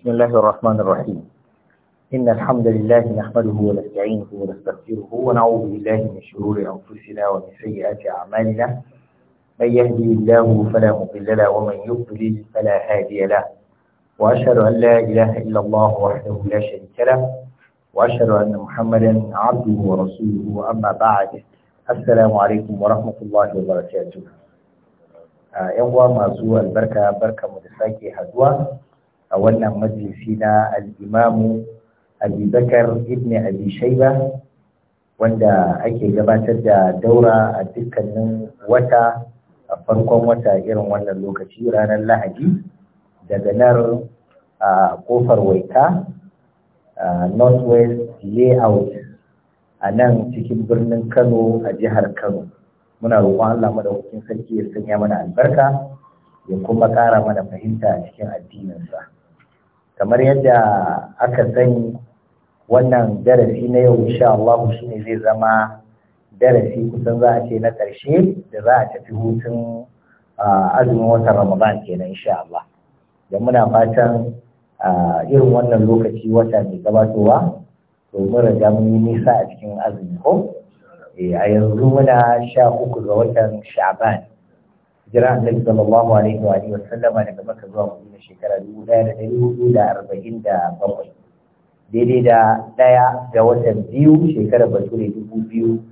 بسم الله الرحمن الرحيم إن الحمد لله نحمده ونستعينه ونستغفره ونعوذ بالله من شرور أنفسنا ومن سيئات أعمالنا من يهدي الله فلا مضل له ومن يضلل فلا هادي له وأشهد أن لا إله إلا الله وحده لا شريك له وأشهد أن محمدا عبده ورسوله وأما بعد السلام عليكم ورحمة الله وبركاته. ‘Yan uwa masu albarka barka mu da sake a wannan majalisi na al'imamu abubakar ibn Abishaiba, wanda ake gabatar da daura a dukkanin wata a farkon wata irin wannan lokaci ranar lahadi daga nan a kofar waita northwest layout a nan cikin birnin kano a jihar kano muna roƙon allah madaukakin sarki ya sanya mana albarka ya kuma ƙara mana fahimta a cikin addininsa. kamar yadda aka sani wannan darasi na yau insha Allah shine zai zama darasi kusan za a ce na ƙarshe da za a tafi hutun azumin watan Ramadan kenan insha Allah da muna fatan irin wannan lokaci wata mai gabatowa to mun riga mun yi nisa a cikin azumi ko eh, a yanzu muna sha uku ga watan Sha'ban jira annabi sallallahu alaihi wa alihi sallama daga maka zuwa madina shekara dubu ɗaya da ɗari da arba'in da bakwai daidai da ɗaya ga watan biyu shekarar bature dubu biyu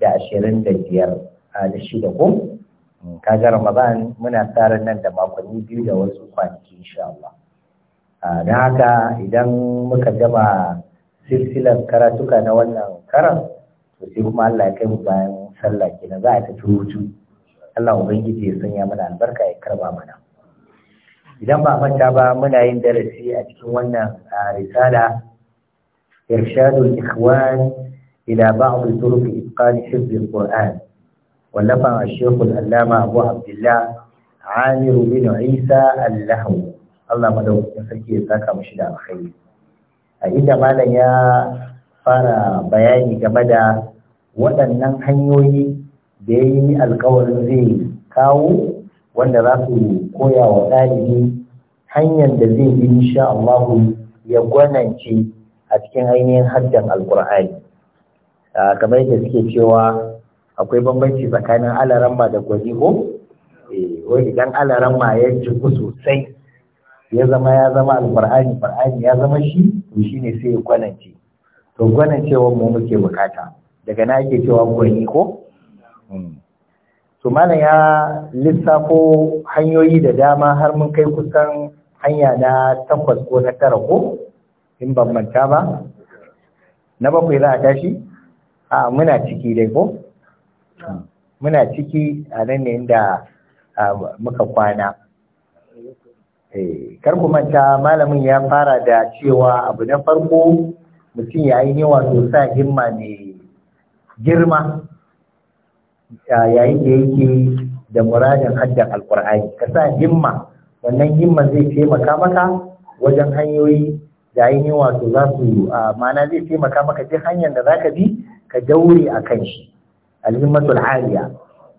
da ashirin da biyar da shida ko mm, kaga ramadan muna tsara nan da makonni biyu da wasu kwanaki insha Allah don haka idan muka gama silsilar karatuka na wannan karan to sai kuma Allah ya kai mu bayan sallah kenan za a ta hutu Allah ubangiji ya sanya mana albarka ya karba mana idan ba manta ba muna yin darasi a cikin wannan risala irshadul ikhwan ila ba'd turuq itqan hifz alquran wallafa al-shaykh al-allama Abu Abdullah Amir bin Isa al-Lahwi Allah madaukakin sarki ya saka mishi da alkhairi a inda malam ya fara bayani game da waɗannan hanyoyi da ya yi alkawarin zai kawo wanda za su koya wa ɗalibi hanyar da zai bi insha Allah ya gwanance a cikin ainihin haddan alkur'ani kamar yadda suke cewa akwai bambanci tsakanin alaramma da gwaji ko eh, wai idan alaramma ya jiku sosai ya zama ya zama alkur'ani far'ani ya zama shi to ne sai ya gwanance to gwanancewar mu muke bukata daga na ake cewa gwani ko Mm. to malam ya lissafo hanyoyi da dama har mun kai kusan hanya na takwas ko na tara ko in ban manta ba na bakwai za a tashi a muna ciki dai ko mm. muna ciki a nan ne inda muka kwana eh, kar ku manta malamin ya fara da cewa abu na farko mutum ya yi ne wato sa himma mai girma yayin da yake da muradin haddan alkur'ani ka sa himma wannan himma zai taimaka maka wajen hanyoyi da ainihin wato za su mana zai taimaka maka duk hanyar da za ka bi ka daure a kan shi alhimmatul haliya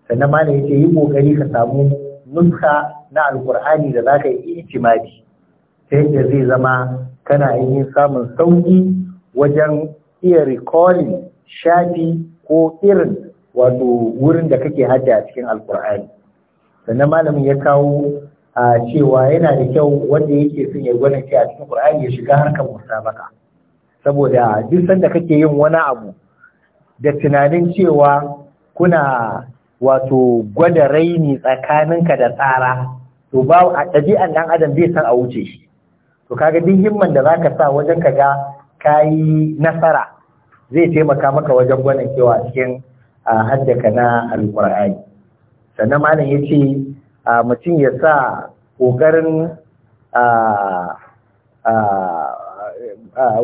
sannan ya yace yi kokari ka samu nuska na alkur'ani da za ka yi ijimadi ta yadda zai zama kana yin samun sauki wajen iya recalling shafi ko irin wato wurin da kake hajji a cikin alkur'ani sannan malamin ya kawo a cewa yana da kyau wanda yake son ya gwanin ce a cikin alkur'ani ya shiga harkar musabaka saboda duk sanda kake yin wani abu da tunanin cewa kuna wato gwada raini tsakaninka da tsara to ba a ɗabi'an ɗan adam zai san a wuce shi to kaga duk himman da zaka sa wajen ka ga kayi nasara zai taimaka maka wajen gwanin cewa cikin a haddaka na alƙur'ani sannan malam ya ce mutum ya sa ƙoƙarin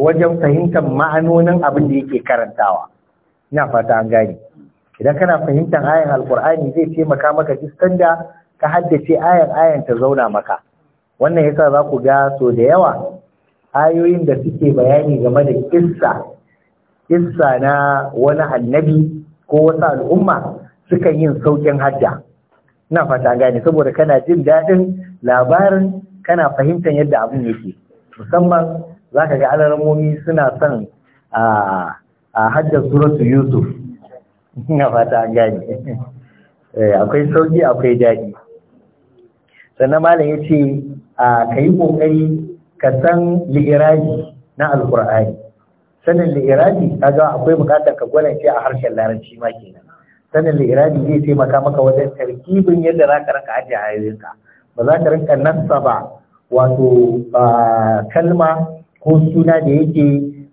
wajen fahimtar ma'anonin abin da yake karantawa ina fata an gane idan kana fahimtar ayan alkur'ani zai taimaka maka jistan da ka haddace ayan ayan ta zauna maka wannan yasa za ku ga so da yawa ayoyin da suke bayani game da kissa kissa na wani annabi ko wasu al'umma suka yin saukin hajja ina fata gane saboda kana jin daɗin labarin kana fahimtar yadda abin yake musamman za ka ga alaramomi suna son a hajjar suratu yusuf ina fata gane eh, akwai sauki akwai daɗi sannan malam ya ce ka yi ƙoƙari ka san li'iraji na alƙur'ani sanin ka ga akwai bukatar ka gwanin ce a harshen larabci ma kenan sanin li'irabi zai taimaka maka wajen tarkibin yadda za ka rinka ajiye ayoyinka ba za ka rinka nasa ba wato kalma ko suna da yake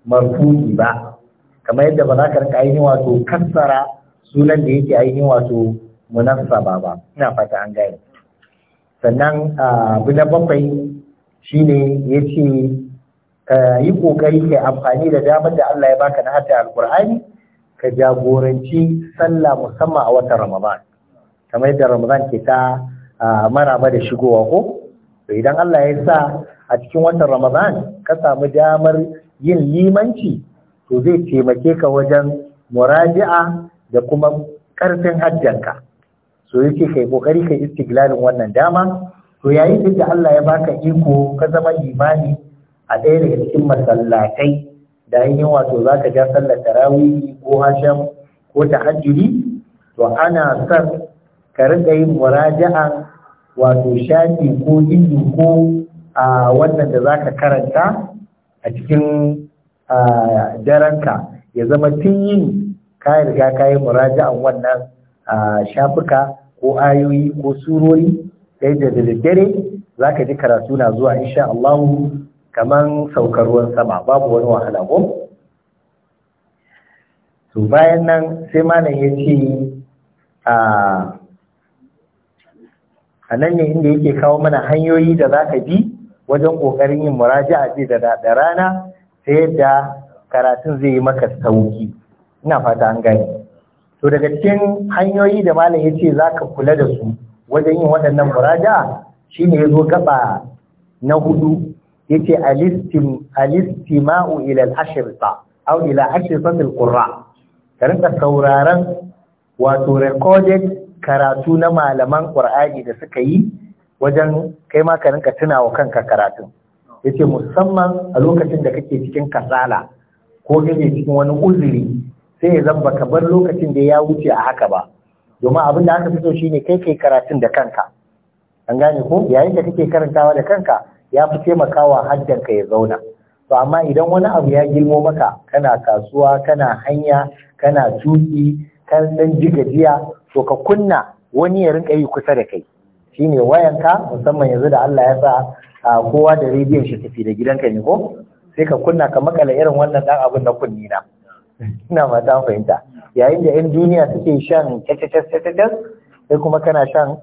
marfuki ba kamar yadda ba za ka rinka ainihin wato kassara sunan da yake ainihin wato munassaba ba ina fata an gane sannan abu na bakwai shine yace Eh, yi kokari kai amfani da damar da Allah ya baka na hatta alqur'ani ka jagoranci sallah musamman a watan ramadan kamar yadda ramadan ke ta maraba da shigowa ko to idan Allah ya sa a cikin watan ramadan ka samu damar yin limanci to zai taimake ka wajen muraji'a da kuma ƙarfin hajjanka so yake kai kokari kai istiglalin wannan dama to yayin da Allah ya baka iko ka zama imani a ɗaya daga cikin masallatai da an yi wato za ka ja sallar tarawih ko hasham ko tahajjuri to ana son ka rinka yin muraja'a wato shafi ko inji ko a wannan da za ka karanta a cikin daranka ya zama tun yin ka riga ka yi muraja'an wannan shafuka ko ayoyi ko surori ɗaya da daddare za ka ji karatu na zuwa insha kaman saukar ruwan sama babu wani wahala ko to bayan nan sai malam ya ce a nan ne inda yake kawo mana hanyoyi da za ka bi wajen ƙoƙarin yin muraja'a ce da rana ta yadda karatun zai yi maka sauki ina fata an gani to daga cikin hanyoyi da malam ya ce za ka kula da su wajen yin waɗannan shi shine ya zo gaba na hudu yace alistim alistima'u ila al-ashrita aw ila ashrita qurra wato recorded karatu na malaman qur'ani da suka yi wajen kai ma ka rinka tunawa kanka karatun yace musamman a lokacin da kake cikin kasala ko kake cikin wani uzuri sai ya zamba ka bar lokacin da ya wuce a haka ba domin abin da aka fito shine kai kai karatun da kanka an gane ko yayin da kake karantawa da kanka ya fi taimakawa haddanka ya zauna to amma idan wani abu ya girmo maka kana kasuwa kana hanya kana tuki kan dan gajiya, to ka kunna wani ya rinka yi kusa da kai shine wayanka musamman yanzu da Allah ya sa kowa da rediyon shi tafi da gidanka ne ko sai ka kunna ka makala irin wannan dan abin na kunni na ina ta fahimta yayin da 'yan duniya suke shan kyakkyakkyakkyakkyar sai kuma kana shan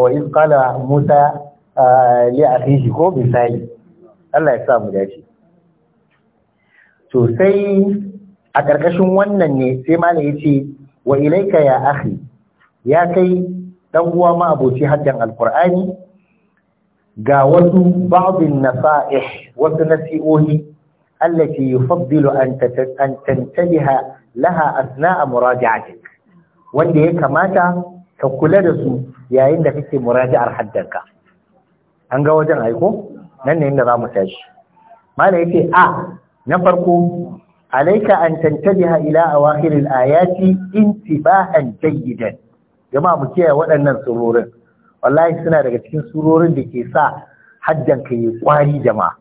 wa iz qala musa li a fi shi ko misali Allah ya sa mu dace to a ƙarƙashin wannan ne sai malam ya ce wa ilaika ya akhi ya kai dan uwa ma aboci haddan alqur'ani ga wasu ba'dhin nasa'ih wasu nasi'ohi allati yufaddilu an an tantaliha laha asna'a muraji'atik wanda ya kamata ka kula da su yayin da kake muraji'ar haddanka an ga wajen aiko nan ne inda za mu tashi ya yace a na farko alaika an tantabiha ila a al-ayati intibahan jayyidan jama'a mu kiyaye waɗannan surorin wallahi suna daga cikin surorin da ke sa haddan ka yi kwari jama'a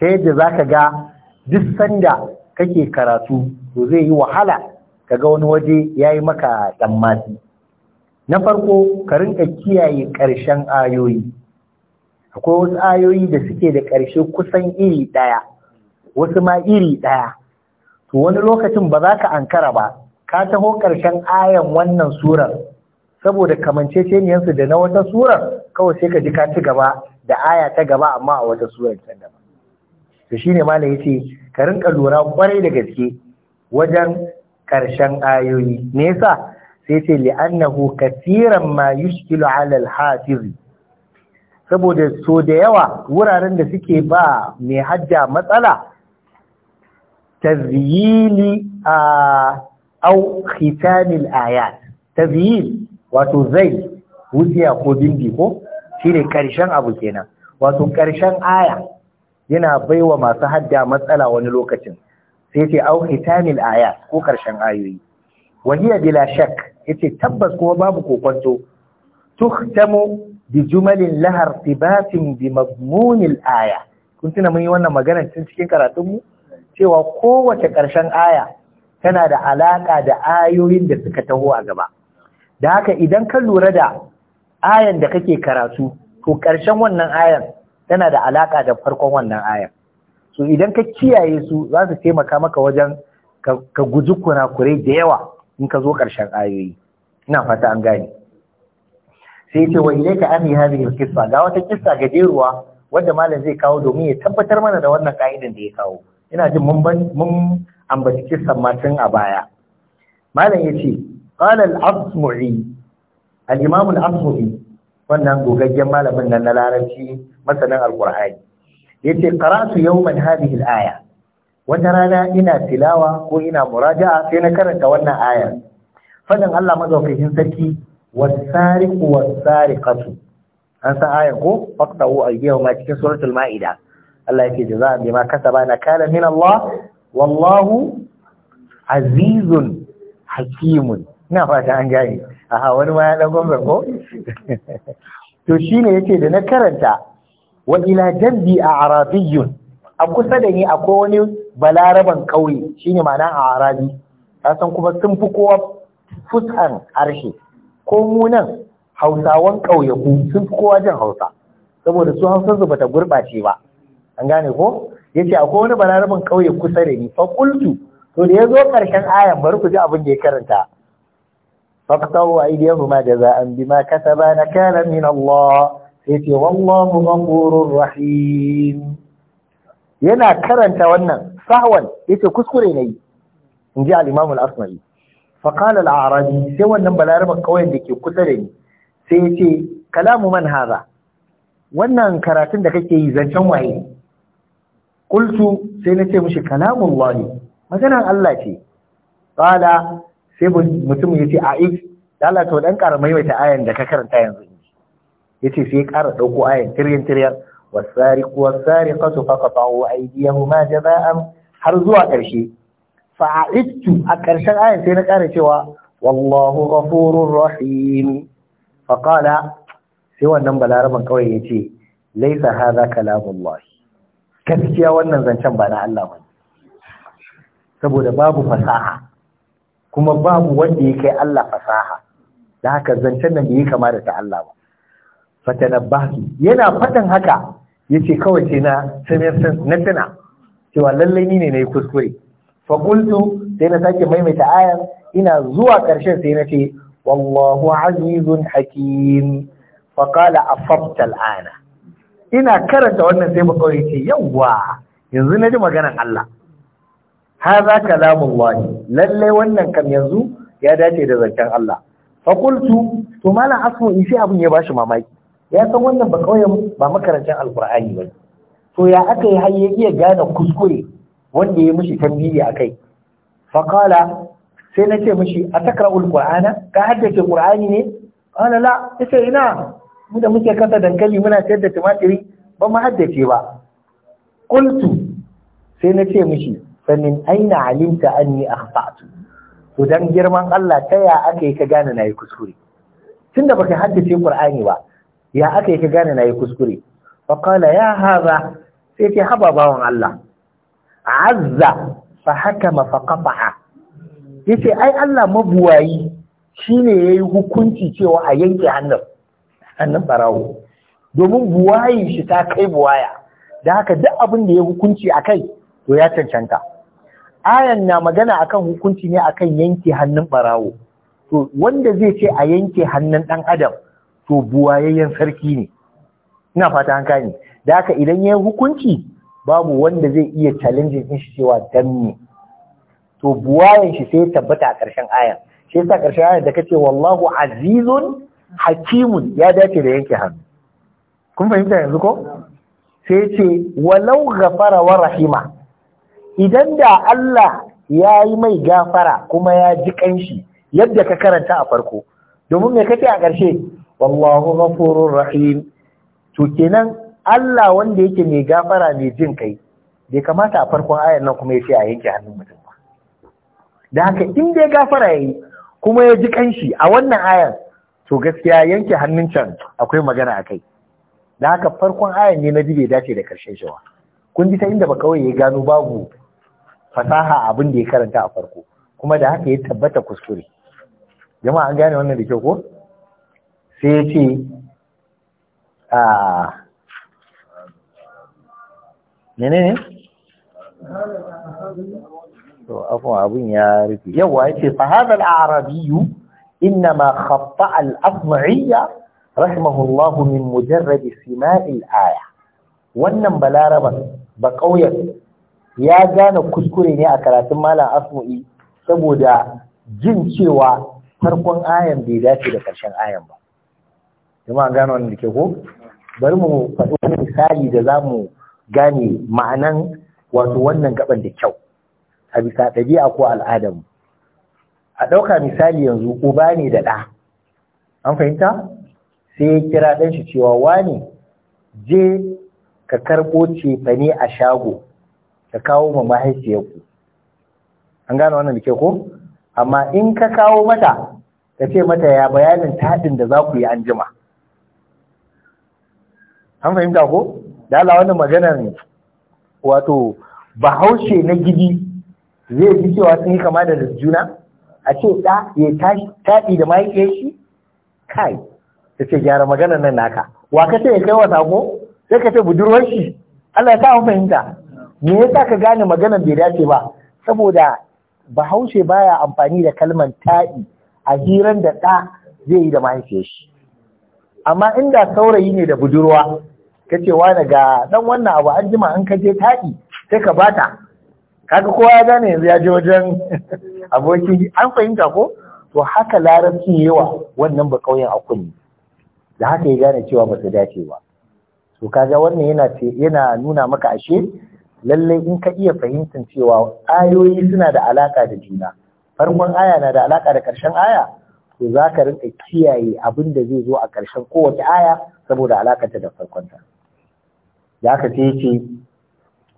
ta yadda za ka ga duk sanda kake karatu to zai yi wahala ka ga wani waje ya yi maka tsammati na farko ka rinka kiyaye ƙarshen ayoyi akwai wasu ayoyi da suke da ƙarshe kusan iri ɗaya wasu ma iri ɗaya to wani lokacin ba za ka ankara ba ka taho ƙarshen ayan wannan surar saboda kamanceceniyarsu da na wata surar kawai sai ka ji ka ci gaba da aya ta gaba amma a wata surar ta Da to ne malam yace ka rinka lura kwarai da gaske wajen ƙarshen ayoyi me yasa sai ce li'annahu kathiran ma yushkilu 'ala al-hafiz saboda so da yawa wuraren da suke ba mai hajja matsala ta ziyili a au khitanil ayat ziyili. wato zai wuziya ko bindi ko ne karshen abu kenan wato ƙarshen aya yana baiwa masu hajja matsala wani lokacin sai ce au ayat ko karshen ayoyi wahiya bila shak yace tabbas kuma babu kokonto tamo. bi jumalin lahar tibatin bi mazmunil aya kun tuna mun yi wannan magana tun cikin karatunmu cewa kowace ƙarshen aya tana da alaƙa da ayoyin da suka taho a gaba da haka idan ka lura da ayan da kake karatu to ƙarshen wannan ayan tana da alaƙa da farkon wannan ayan so idan ka kiyaye su za su taimaka maka wajen ka guji kurakurai da yawa in ka zo ƙarshen ayoyi ina fata an gane sai ce wa ilaika ami hadhihi alqissa ga wata kissa gajeruwa wanda malam zai kawo domin ya tabbatar mana da wannan ka'idan da ya kawo ina jin mun mun ambaci kissan matan a baya malam yace qala al-asmu'i al-imam al-asmu'i wannan gogaggen malamin nan na larabci masanin alqur'ani yace qara'tu yawman hadhihi al-aya wata rana ina tilawa ko ina muraja'a sai na karanta wannan ayar fadan Allah madaukakin sarki والسارق والسارقة an san ayan ko faqtahu ma cikin suratul maida Allah yake jaza'a bima kasaba kala. min Allah wallahu azizun hakimun ina fata an gane aha wani ma ya dan gombar ko to shine yace da na karanta wa ila jambi a'rabiyyun a kusa da ni akwai wani balaraban kauye shine ma'ana a'rabi ka san kuma sun fi kowa fusan harshe ko munan hausawan ƙauyaku sun fi kowa jin hausa saboda su hausa su bata gurɓace ba an gane ko ce akwai wani balarabin ƙauye kusa da ni fa kultu, to da ya zo karshen ayan bari ku ji abin da ya karanta a bi ma jazaan bima na nakala min Allah sai ce wallahu ghafurur rahim yana karanta wannan sahwan yace kuskure ne inji al-Imam al-Asma'i فقال الأعرابي سوى أن بلارب قوين لكي كسرني سيتي كلام man هذا wannan karatun da kake yi zancen waye kultu sai na ce mishi kalamullah ne maganar Allah ce qala sai mutum yace aik Allah to dan ƙara maimaita ayan da ka karanta yanzu yace sai ya ƙara dauko ayan tiryan tiryan wasariqu wasariqatu faqatu aydiyahuma jazaan har zuwa ƙarshe fa'aidtu a ƙarshen ayan sai na ƙara cewa wallahu ghafurur rahim fa sai wannan balaraban kawai yace laysa ka kalamullah gaskiya wannan zancen ba na Allah bane saboda babu fasaha kuma babu wanda ya kai Allah fasaha da haka zancen nan bai kama da ta Allah ba fatanabbahtu yana fatan haka yace kawai sai na tana cewa lallai ni ne nayi kuskure fagultu sai na sake maimaita 'ayan, ina zuwa ƙarshen sai na ce wallahu azizun hakim fa a afafta ana. ina karanta wannan sai mu kawai ce yawwa yanzu na ji maganan Allah hadha wani lalle wannan kam yanzu ya dace da zancen Allah fagultu to malam asmu in sai abin ya ba shi mamaki ya san wannan ba kawai ba makarantar alqur'ani ba to ya aka yi har ya iya gane kuskure wanda ya mishi tambiyi a kai, qala sai na ce mishi atakra'ul qur'ana ka haddace qur'ani ne qala la ina muda muke kasa dankali muna sayar da tumatiri ba mu haddace ba qultu sai na ce mishi sanin aina alimta a akhta'tu to dan girman Allah ta ya aka yi ka gane yi kuskure tunda baka haddace qur'ani ba ya aka yi ka gane nayi kuskure Fakala ya hara sai ce haba bawan Allah azza fa hakama fa qata'a yace ai Allah mabuwayi shine yayi hukunci cewa a yanke hannun hannun farawo domin buwayin shi ta kai buwaya da haka duk abin da ya hukunci akai to ya cancanta ayan na magana akan hukunci ne akan yanke hannun barawo to wanda zai ce a yanke hannun ɗan adam to buwayayyen sarki ne ina fata an kani da haka idan ya hukunci babu wanda zai iya challenging din shi cewa dan ne to buwayen shi sai tabbata a ƙarshen ayan shi yasa ƙarshen ayan da kace wallahu azizun hakimun ya dace da yanke hannu kun fahimta yanzu ko sai ce walau ghafara wa rahima idan da Allah ya yi mai gafara kuma ya ji kanshi yadda ka karanta a farko domin me kace a ƙarshe wallahu ghafurur rahim to kenan Allah wanda yake mai gafara mai jin kai bai kamata a farkon ayar nan kuma ya ce a yanke hannun mutum ba da haka in dai gafara yayi kuma ya ji kanshi a wannan ayar to gaskiya yanke hannun can akwai magana a kai da haka farkon ayar ne na jibe dace da karshen shawa. kun ji ta inda ba kawai ya gano babu fasaha abin da ya karanta a farko kuma da haka ya tabbata kuskure jama'a an gane wannan da kyau ko sai ya ce a ah, menene to afwan abun ya rufe yawa yace fa hadha al-arabiyyu inma khatta al-asma'iyya rahimahullahu min mujarrad sima'il aya wannan balaraba ba kauyen ya gane kuskure ne a karatun malam asmu'i saboda jin cewa farkon ayan bai dace da karshen ayan ba jama'a gano wannan da ke ko bari mu faɗi wani misali da zamu gane ma'anan wato wannan gaban da kyau a bisa ɗabi'a ko al'adamu a ɗauka misali yanzu uba ne da ɗa an fahimta sai ya kira ɗan shi cewa wane je ka karɓo cefane a shago ka kawo ma mahaifiyarku an gane wannan da ke ko amma in ka kawo mata ka ce mata ya bayanin taɗin da za ku yi an jima an fahimta ko da Allah wannan maganar wato bahaushe na gidi zai ji cewa sun yi kama da juna a ce ɗa ya taɗi da mahaifiyar shi kai ta ce gyara maganar nan naka wa ka ce ya kai wa sako sai ka ce budurwar shi Allah ya sa fahimta me yasa ka gane maganar bai dace ba saboda bahaushe baya amfani da kalmar taɗi a hiran da ɗa zai yi da mahaifiyar shi amma inda saurayi ne da budurwa ka ce wani ga dan wannan abu an jima an kaje taɗi sai ka bata kaga kowa ya gane yanzu ya je wajen abokin an fahimta ko to haka larabcin yawa wannan ba kauyen a kunni da haka ya gane cewa ba su dace ba to kaga wannan yana yana nuna maka ashe lallai in ka iya fahimtar cewa ayoyi suna da alaka da juna farkon aya na da alaka da karshen aya to za ka rinka kiyaye abin da zai zo a karshen kowace aya saboda alakata da farkonta. da aka ce ce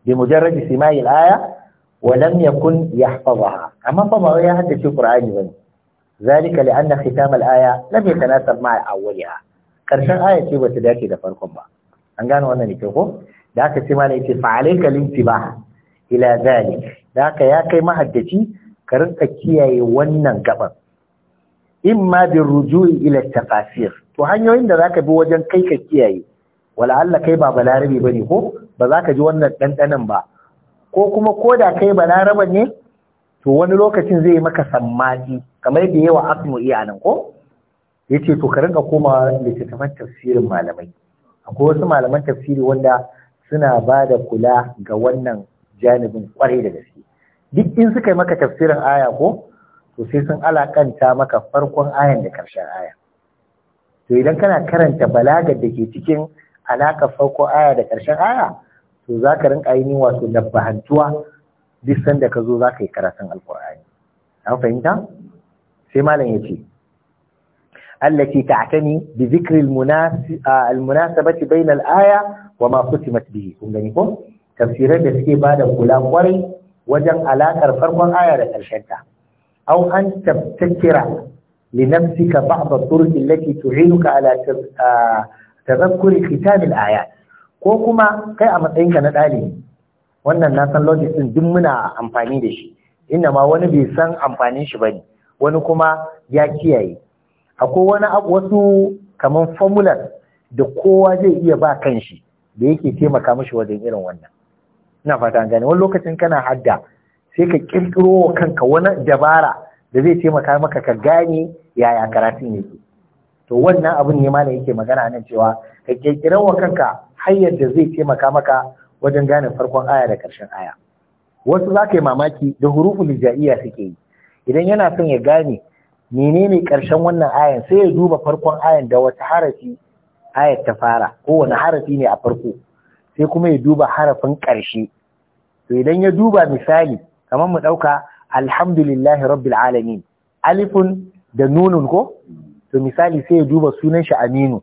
bi mujarrad sima'il aya wa lam yakun yahfazaha amma fa ba ya haddace qur'ani bane zalika li anna khitam al aya lam yatanasab ma'a awwaliha karshen aya ce bata dace da farkon ba an gane wannan ne ko da aka ce malai ce fa alayka lintibah ila zalik da aka ya kai mahaddaci ka rinka kiyaye wannan gaban imma bin rujui ila tafasir to hanyoyin da zaka bi wajen kai ka kiyaye wala'alla kai ba balarabe ba ne ko ba za ka ji wannan ɗanɗanan ba ko kuma ko da kai balaraba ne to wani lokacin zai maka sammaji kamar da yawa asmu iya nan ko ya ce to ka rinka komawa littattafan tafsirin malamai akwai wasu malaman tafsiri wanda suna ba da kula ga wannan janibin kwarai da gaske duk in suka yi maka tafsirin aya ko to sai sun alakanta maka farkon ayan da karshen aya to idan kana karanta balagar da ke cikin alaƙar farko aya da ƙarshen aya to za ka rinka yi wato labbahantuwa duk sanda ka zo za ka yi karatun alƙur'ani an fahimta sai malam ya ce allati ta'tani bi dhikri almunasabati bayna al-aya wa ma khutimat bihi kun gani ko tafsirai da suke bada kula kwarai wajen alakar farkon aya da ƙarshen ta aw an tabtakira li nafsika ba'd at-turuq allati tu'inuka tazakkuri kitabil ayat ko kuma kai a matsayin ka na ɗalibi wannan na san logic din duk muna amfani da shi inda ma wani bai san amfanin shi bane wani kuma ya kiyaye akwai wani abu wasu kaman formula da kowa zai iya ba kanshi da yake taimaka mishi wajen irin wannan ina fata an gane wani lokacin kana hadda sai ka kirkiro kanka wani dabara da zai taimaka maka ka gane yaya karatun yake to wannan abin ne da yake magana nan cewa ka kirkira wa kanka hanyar da zai taimaka maka wajen gane farkon aya da ƙarshen aya wasu za ka yi mamaki da huruful ja'iya suke yi idan yana son ya gane menene ƙarshen wannan ayan sai ya duba farkon ayan da wata harafi ayar ta fara kowane harafi ne a farko sai kuma ya duba harafin ƙarshe to idan ya duba misali kamar mu ɗauka alhamdulillahi rabbil alamin alifun da nunun ko to misali sai ya duba sunan shi Aminu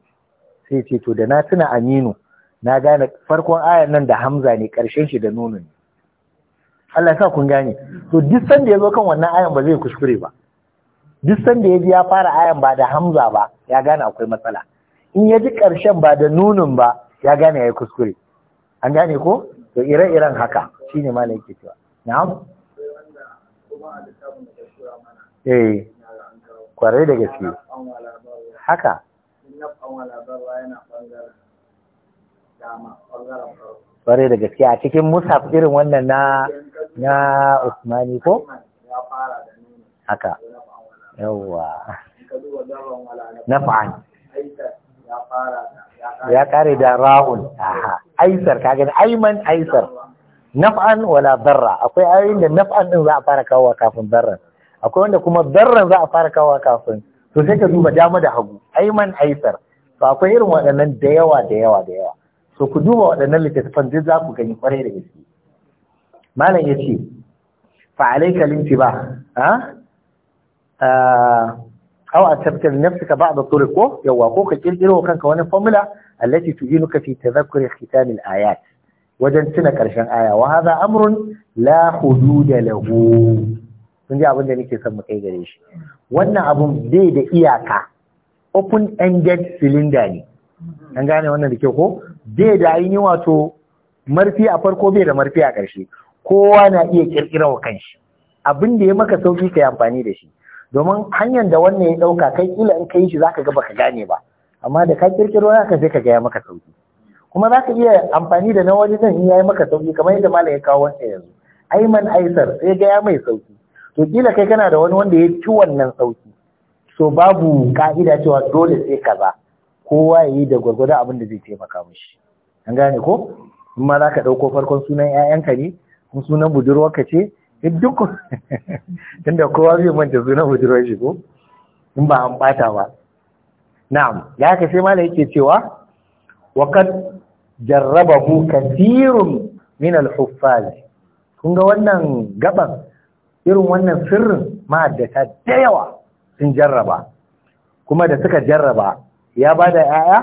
sai ce to da na tuna Aminu na gane farkon ayan nan da Hamza ne karshen shi da nunu ne Allah sa kun gane to duk sanda ya zo kan wannan ayan ba zai kuskure ba duk sanda ya ji ya fara ayan ba da Hamza ba ya gane akwai matsala in ya ji karshen ba da nunun ba ya gane ya yi kuskure an gane ko to ire-iren haka shine malam yake cewa na'am eh kwarai da gaske haka kwarai da gaske a cikin musaf irin wannan na na usmani ko haka yawwa naf'an ya kare da ra'un aha aisar ka gani aiman aisar naf'an wala barra, akwai ayoyin da naf'an din za a fara kawo kafin barran akwai wanda kuma darran za a fara kawo kafin to sai ka duba dama da hagu aiman aisar to akwai irin waɗannan da yawa da yawa da yawa To ku duba waɗannan littattafan duk za ku gani kwarai da gaske malam ya ce fa alaika lintiba ha ah, aw a tabbatar nafsika ba'd turuq ko yawa ko ka kirkiro kanka wani formula allati tu'inuka fi tadhakkuri khitam al-ayat wajen tuna karshen aya wa hadha amrun la hududa lahu Sun ji abin da nake son mu kai gare shi wannan abun bai da iyaka open ended cylinder ne an gane wannan da ke ko bai da ainihi wato marfi a farko bai da marfi a ƙarshe kowa na iya kirkira wa kanshi abin da ya maka sauki ka yi amfani da shi domin hanyar da wannan ya ɗauka kai kila in kai shi zaka ga baka gane ba amma da ka kirkiro naka sai ka ga maka sauki kuma za ka iya amfani da na wani zan ya yi maka sauki kamar yadda malam ya kawo wancan yanzu aiman aisar sai ga mai sauki to kila kai kana da wani wanda ya ci wannan sauki so babu ka'ida cewa dole sai kaza kowa ya yi da gwargwadon abin da zai taimaka mishi an gane ko in ma za ka ɗauko farkon sunan 'ya'yanka ne kun sunan budurwarka ce duk tunda kowa zai manta sunan budurwar shi ko in ba an ɓata ba na'am ya ka sai mala yake cewa wa kad jarrabahu kathirun min al-huffaz kun ga wannan gaban irin wannan sirrin ma'addata da yawa sun jarraba kuma da suka jarraba ya ba da ‘ya'ya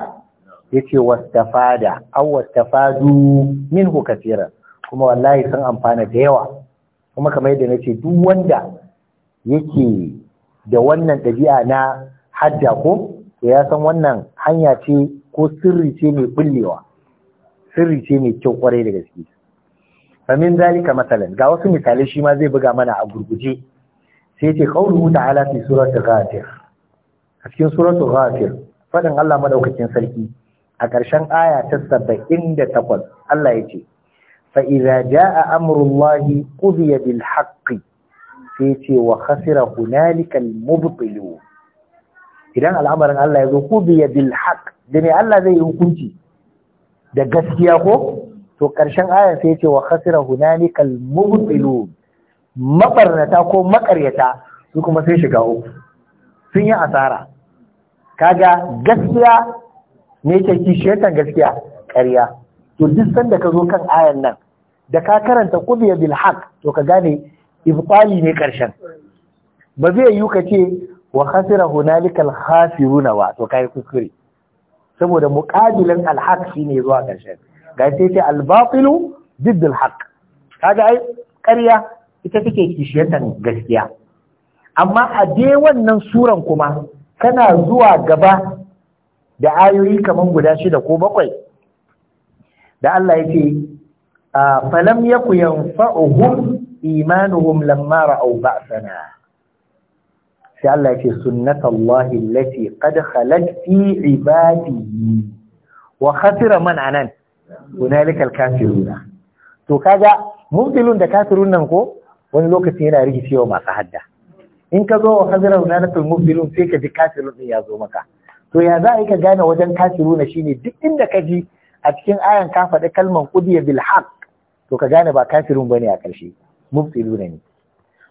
ya ce wastafada an wastafadu minhu kasira kuma wallahi sun amfana da yawa kuma kamar yadda na ce duk wanda yake da wannan ɗabi'a na hajja ko ya san wannan hanya ce ko sirri ce mai bullewa sirri ce mai kyau kwarai da gaske famin zalika matsalan ga wasu misalai shi ma zai buga mana a gurguje sai ce qawluhu ta'ala fi surati ghafir a cikin suratu ghafir fadin Allah madaukakin sarki a ƙarshen aya ta takwas, Allah ya ce fa idza a amrullahi qudiya bil haqqi sai ce wa khasira hunalikal mubtilun idan al'amarin Allah ya zo ku biya bil da ne Allah zai yi hukunci da gaskiya ko to ƙarshen aya sai ce wa khasira hunalikal mubtilun mabarnata ko makaryata su kuma sai shiga uku sun yi asara kaga gaskiya ne ke shetan gaskiya ƙarya to duk sanda ka zo kan ayan nan da ka karanta qudiya bil haqq to ka gane ibtali ne ƙarshen ba zai yi ka ce wa khasira hunalikal khasiruna wa to kai kuskure saboda muqabilan al haqq shine zuwa ƙarshen ga sai ce albatilu diddul haqq kaga ai ƙarya ita take kishiyantan gaskiya amma a dai wannan suran kuma kana zuwa gaba da ayoyi kaman guda shida ko bakwai da Allah yake falam yaku yanfa'uhum imanuhum lamma ra'aw ba'sana sai Allah yake sunnatullahi allati qad khalat ibadihi wa khasira man anan hunalikal kafiruna to kaga mubtilun da kafirun nan ko wani lokaci yana rigicewa masu hadda in ka zo wa hazara hunalatul mubtilun sai ka ji kafirun ya zo maka to ya za a yi ka gane wajen kafiruna shine duk inda ka ji a cikin ayan ka faɗi kalman qudiya bil haqq to ka gane ba kafirun bane a ƙarshe mubtiluna ne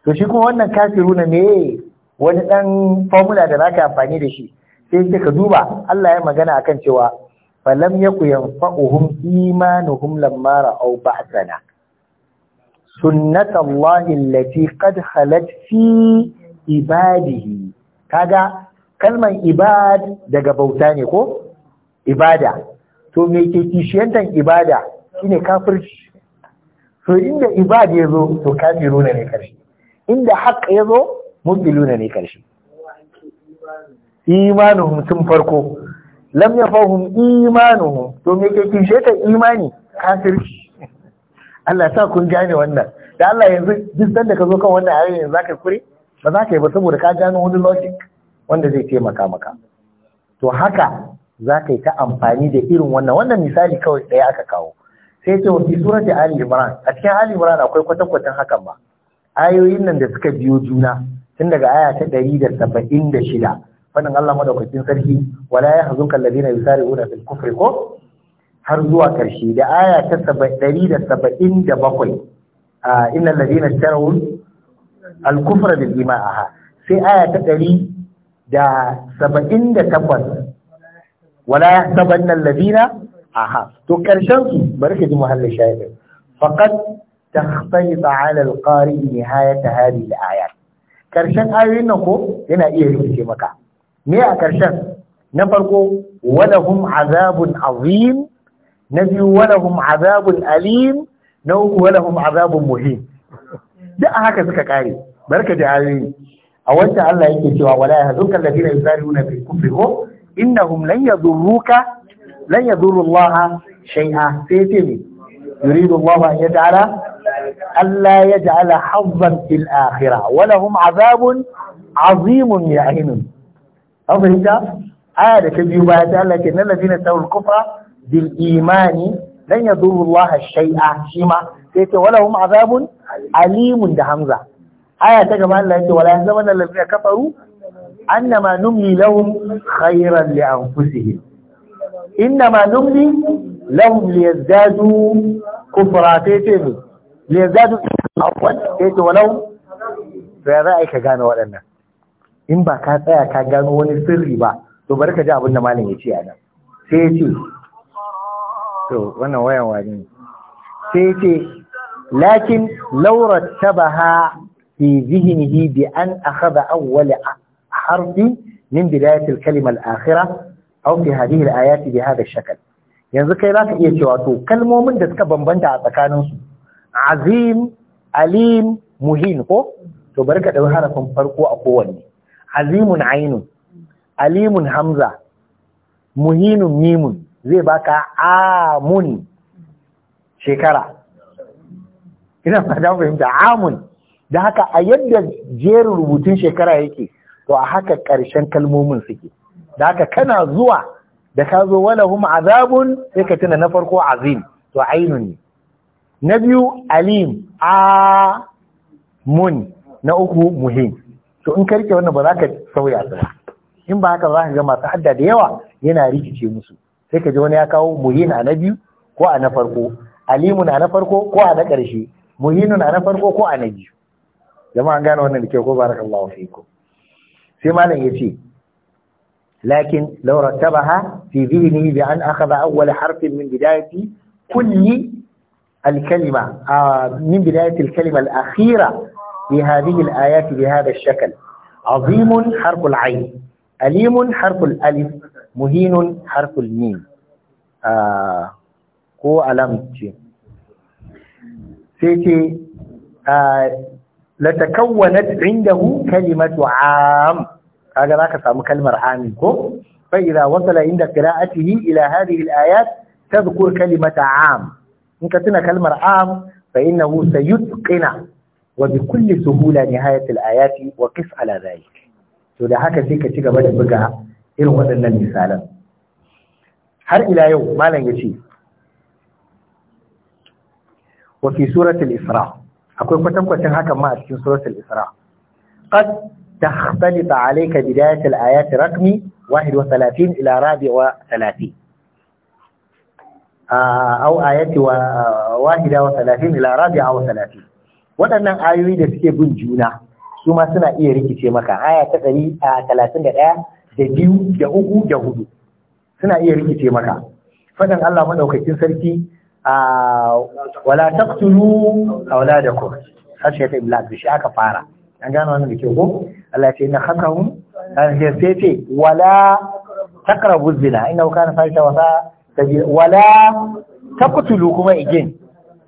to shi kuma wannan kafiruna me wani dan formula da zaka amfani da shi sai ka duba Allah ya magana akan cewa falam ya yaku yanfa'uhum imanuhum lamma sana. Sunnatan sunnatullahi allati kad halat fi ibadihi kaga kalman ibad daga bauta ne ko ibada to me ke kishiyantan ibada shine kafirci to inda ibad yazo to kafiruna ne karshe inda haqq yazo mubiluna ne karshe Imanu mutum farko lam yafahum imanuhu to me ke kin sheta imani kafirci Allah sa kun gane wannan da Allah yanzu duk da ka zo kan wannan ayoyin yanzu zaka kure ba za ka yi ba saboda ka gano wani logic wanda zai taimaka maka to haka za ka yi ta amfani da irin wannan wannan misali kawai ɗaya aka kawo sai ce wa surati ali imran a cikin ali imran akwai kwatankwatan hakan ba ayoyin nan da suka biyo juna tun daga aya ta ɗari da saba'in da shida Wannan Allah madaukakin sarki wala yahzunka alladhina yusari'una fil kufri ko har zuwa karshe da aya ta 177 a ah, innal ladina ishtaraw al kufra bil iman aha sai aya ta 178 wala yahsabanna alladhina aha to karshen su bari ji muhallin shahidin faqad تختلط على القارئ نهاية هذه الآيات karshen ayoyin nan ko yana iya rikice maka ne a ƙarshen na farko walahum azabun azim na biyu walahum azabun alim na uku walahum azabun muhim duk a haka suka kare barka da ayoyi a wancan Allah yake cewa wala ya alladhina yusari'una fil kufi ko innahum lan yadurruka lan yadurru Allah shay'a sai ce ne yuridu Allah an yaj'ala alla yaj'ala hazzan fil akhirah walahum lahum azabun azimun yahinun an fahimta aya da ta biyu baya ta Allah ke nan lazina tawul kufra bil imani lan yadurru Allah shay'a shi ma sai ce wala hum azabun alimun da hamza aya ta gaba Allah ya ce wala yazamana lazina kafaru annama numli lahum khayran li anfusihim innama numli lahum liyazdadu kufra sai ce ne liyazdadu afwan sai ce wala to ya za a yi ka gane waɗannan in ba ka tsaya ka gano wani sirri ba to bari ka ji abin da malam ya ce a nan sai ya ce to wannan wayan wani sai ya ce lakin laura tabaha fi zihnihi bi an akhadha awwal harfi min bidayat al-kalima aw fi hadhihi al-ayat bi hadha ash-shakl yanzu kai zaka iya cewa to kalmomin da suka bambanta a su azim alim muhin ko to bari ka ɗau harafin farko a kowanne azimun ainun alimun hamza muhinun mimun zai baka amun shekara ina fata fahimta amun da haka a yadda jerin rubutun shekara yake to a haka karshen kalmomin suke da haka kana zuwa da ka zo wala hum azabun sai ka tuna na farko azim to ainun ne na biyu alim a mun na uku muhim to in karke wannan ba za ka sauya ba in ba haka za ka ga masu hadda da yawa yana rikice musu sai ka ji wani ya kawo muhin a na biyu ko a na farko Alimu na na farko ko a na ƙarshe Muhinu na na farko ko a na biyu jama'a gane wannan da kyau ko barakallahu fiikum sai malam ya ce lakin لكن لو رتبها في ذهنه بأن أخذ أول حرف من بداية كل min آه من بداية الكلمة الأخيرة في هذه الآيات بهذا الشكل عظيم حرف العين أليم حرف الألف مهين حرف الميم آه هو ألم سيتي آه، لتكونت عنده كلمة عام هذا ما كفهم كلمة عام فإذا وصل عند قراءته إلى هذه الآيات تذكر كلمة عام إن كتنا كلمة عام فإنه سيتقن wa bi kulli suhula nihayatul ayati wa qis ala zalik to da haka sai ka ci gaba da buga irin waɗannan misalan har ila yau malam yace wa fi suratul isra akwai kwatankwacin hakan ma a cikin suratul isra qad تختلط عليك بداية الآيات رقم 31 إلى رابع وثلاثين أو آيات واحدة وثلاثين إلى وثلاثين waɗannan ayoyi da suke bin juna su ma suna iya rikice maka aya ta ɗari a talatin da ɗaya da biyu da uku da hudu suna iya rikice maka faɗin Allah maɗaukakin sarki a wala da taqtulu awladakum ya ta iblas shi aka fara an gano wani da ke ko Allah ce na hun an sai ce wala taqrabu zina inna kana fahita wasa wala taqtulu kuma igin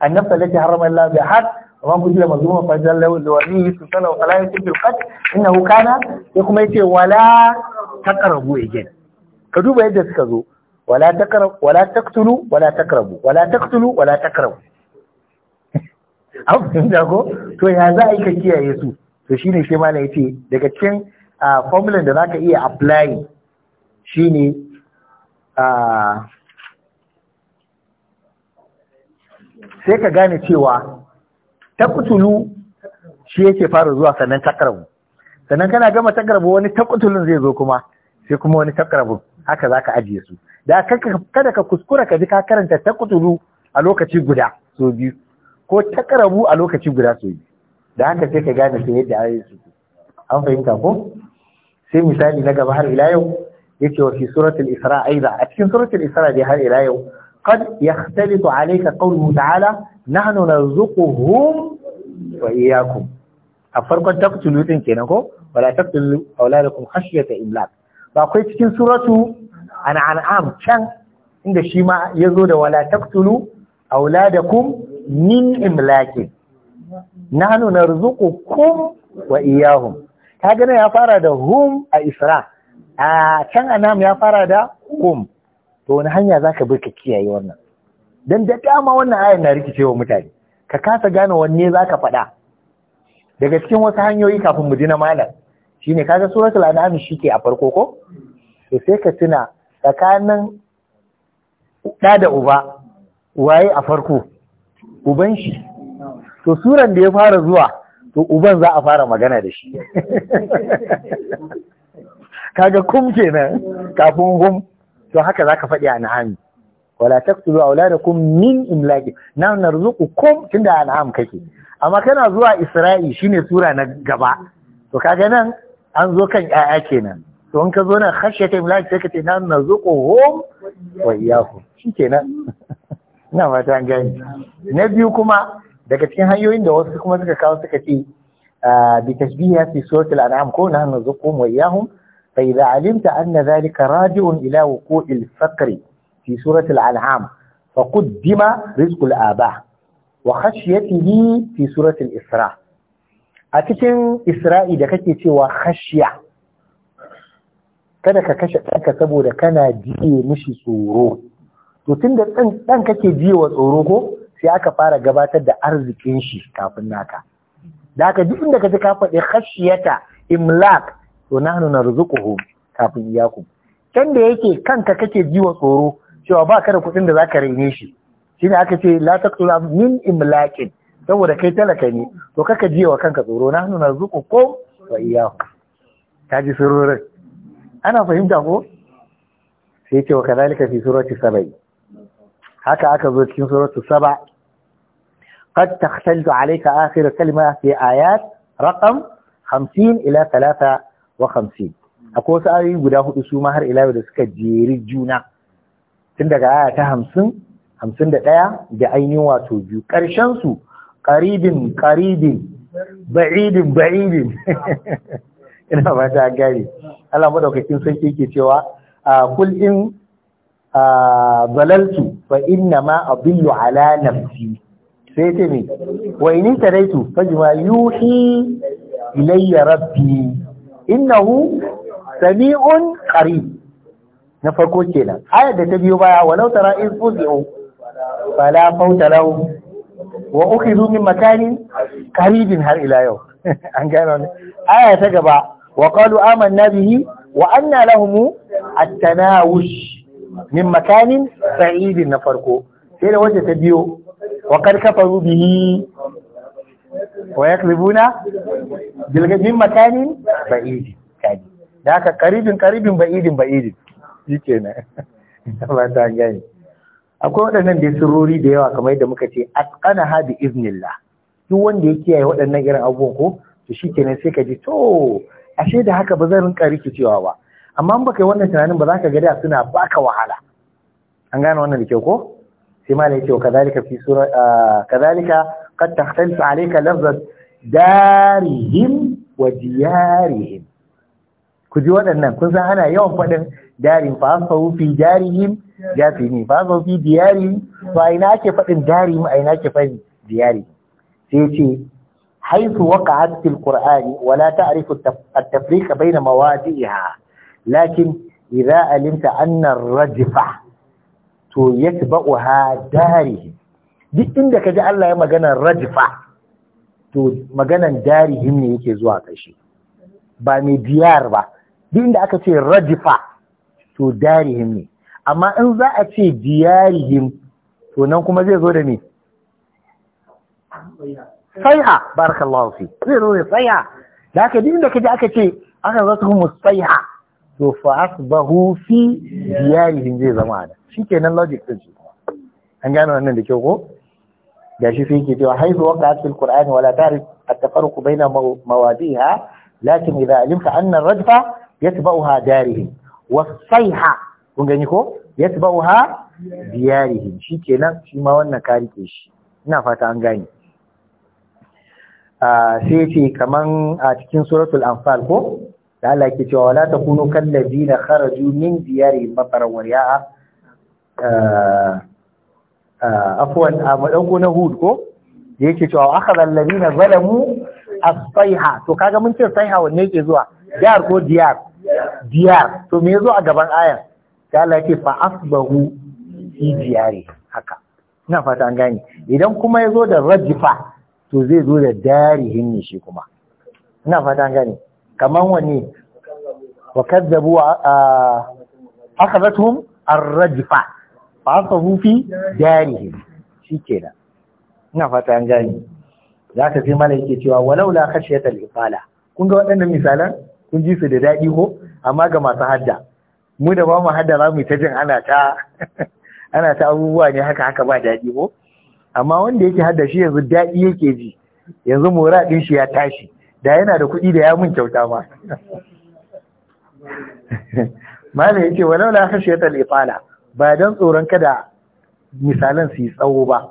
annabta lati harama Allah bi haqq amma kujila mazmuma fa jalla wa zawani sultana wa la yakul qat ina hukana sai kuma yace wala ya gina. ka duba yadda suka zo wala taqrabu wala karabu wala taqrabu wala ta karabu abu sun dago to ya za a yi ka kiyaye su to shine sai na yace daga cikin formula da za ka iya apply shi ne sai ka gane cewa ta kutulu shi yake fara zuwa sannan taqrabu sannan kana gama takarabu wani kutulun zai zo kuma sai kuma wani taqrabu haka zaka ajiye su da kada ka kuskura ka ji ka karanta kutulu a lokaci guda so biyu ko taqrabu a lokaci guda so biyu da haka sai ka gane sai yadda ayoyi su an fahimta ko sai misali na gaba har ila yau yake wa fi suratul isra a cikin suratul isra dai har ila yau قد يختلط عليك قوله تعالى نحن نرزقهم وإياكم أفرقا تقتلوا تن كينكو ولا تقتلوا أولادكم خشية إملاق فأقول تكين سورة أنا عن عام كان عند شيما يزود ولا تقتلوا أولادكم من إملاك نحن نرزقكم وإياهم هذا يا فرد هم أسراء كان أنام يا فرد هم to wani hanya za ka bi ka kiyaye wannan don da dama wannan ayan na rikice wa mutane ka kasa gane wanne za ka faɗa daga cikin wasu hanyoyi kafin mu ji na malam shine kaga suratul an'am ke a farko ko to sai ka tuna tsakanin da da uba waye a farko uban shi to suran da ya fara zuwa to uban za a fara magana da shi kaga kum kenan kafin hum to haka zaka faɗi a na'ami wala da auladakum min imlaqi na narzuqukum tunda an'am kake amma kana zuwa isra'i shine sura na gaba to kaga nan an zo kan 'ya'ya kenan to in ka zo nan khashyata imlaqi sai ka ce na narzuquhum wa iyyakum shikenan ina fata an gani na biyu kuma daga cikin hanyoyin da wasu kuma suka kawo suka ce ah, bi tashbihi fi suratul an'am ko na narzuquhum wa iyyahum فإذا علمت أن ذلك راجع إلى وقوع الفقر في سورة الأنعام فقدم رزق الآباء وخشيته في سورة الإسراء أتكن إسراء kake cewa خشية kada ka kashe ɗanka saboda kana jiye mishi tsoro to tun da ɗan kake jiye wa tsoro ko sai aka fara gabatar da arzikin shi kafin naka da haka duk inda ka ji ka faɗi khashiyata imlak to nahnu narzuquhum kafin iyakum can da yake kanka kake ji wa tsoro cewa ba ka da kuɗin da zaka raine shi shine aka ce la taqtula min imlaqin saboda kai talaka ne to kaka ji wa kanka tsoro nahnu ko wa iyakum kaji sururin ana fahimta ko sai ce wa kadhalika fi surati sabai haka aka zo cikin suratu saba قد تختلط عليك آخر كلمة في آيات رقم خمسين إلى ثلاثة wa khamsin akwai wasu ayoyi guda hudu su ma har ila da suka jeri juna tun daga aya ta hamsin hamsin da ɗaya da ainihin wato biyu ƙarshen su ƙaribin ƙaribin ba'idin ba'idin ina ba ta gari Allah madaukakin sarki ke cewa a in zalaltu fa inna ma adillu ala nafsi sai ta ne wa in taraitu fa yuhi ilayya rabbi innahu sami'un qarib na farko kenan ayar da ta biyo baya walau tara iz fuzi'u fala fawta lahum wa ukhidhu min makanin qaribin har ila yau an gano ne aya ta gaba wa qalu amanna bihi wa anna lahum at-tanawush min makanin sa'idin na farko sai da wacce ta biyo wa kad kafaru bihi wa yakribuna bilgajin makani? ba'idi kaji da haka karibin karibin ba'idin ba'idin shikenan ba ta gani akwai waɗannan da surori da yawa kamar yadda muka ce atqana ha bi iznillah duk wanda ya kiyaye waɗannan irin abubuwan ko to shikenan sai ka ji to ashe da haka ba zan rinka rikicewa ba amma in baka yi wannan tunanin ba za ka ga da suna baka wahala an gane wannan da ko sai قد تختلف عليك لفظة دارهم وديارهم كذي وانا كن انا يوم فدن دارهم فاصفوا في دارهم جافيني فاصو في ديارهم فاينا فان fadin darihim فان ake fadin حيث وقعت في القرآن ولا تعرف التفريق بين مواضعها لكن إذا علمت أن الرجفة يتبعها دارهم duk inda ka ji Allah ya magana rajfa to maganan darihim ne yake zuwa kashi. ba mai diyar ba duk inda aka ce rajfa to darihim ne amma in za a ce him, to nan kuma zai zo da me sai'a barakallahu fi zai zo da sai'a da haka duk inda ka ji aka ce aka zata mu sai'a to fa asbahu fi diyarihin zai zama ana shikenan logic din shi an gane wannan da kyau ko gashi sai yake cewa haifu waqa'at fil qur'ani wala ta'rif at-tafarruq baina mawadiha lakin idza alimta anna ar-rajfa yatba'uha darihim was-sayha kun gani ko yatba'uha diyarihim shikenan shi ma wannan ka rike shi ina fata an gane ah, sai ce kaman a cikin suratul anfal ko da Allah yake cewa wala takunu na kharaju min diyarihim bataran wa Ah, afwan a ah, madauko na hud ko yake cewa akhadha alladhina zalamu as-sayha to kaga mun ce sayha wanne yake zuwa diyar ko diyar diyar to me yazo a gaban aya ya Allah yake fa asbahu fi diyari haka ina fata an gane idan kuma yazo da rajifa to zai zo da darihin ne shi kuma ina fata an gane kaman wani wa kadzabu ah, akhadathum ar-rajfa fa aka hufi jari shi ke da ina fata an gani za ka fi mana yake cewa walau la khashiyatal ifala kun ga waɗannan misalan kun ji su da daɗi ko amma ga masu hadda mu da ba mu hadda za mu ta jin ana ta ana ta abubuwa ne haka haka ba daɗi ko amma wanda yake hadda shi yanzu daɗi yake ji yanzu mora ɗin shi ya tashi da yana da kuɗi da ya mun kyauta ma malam yake walau la khashiyatal ifala ba dan tsoron kada misalan su yi tsawo ba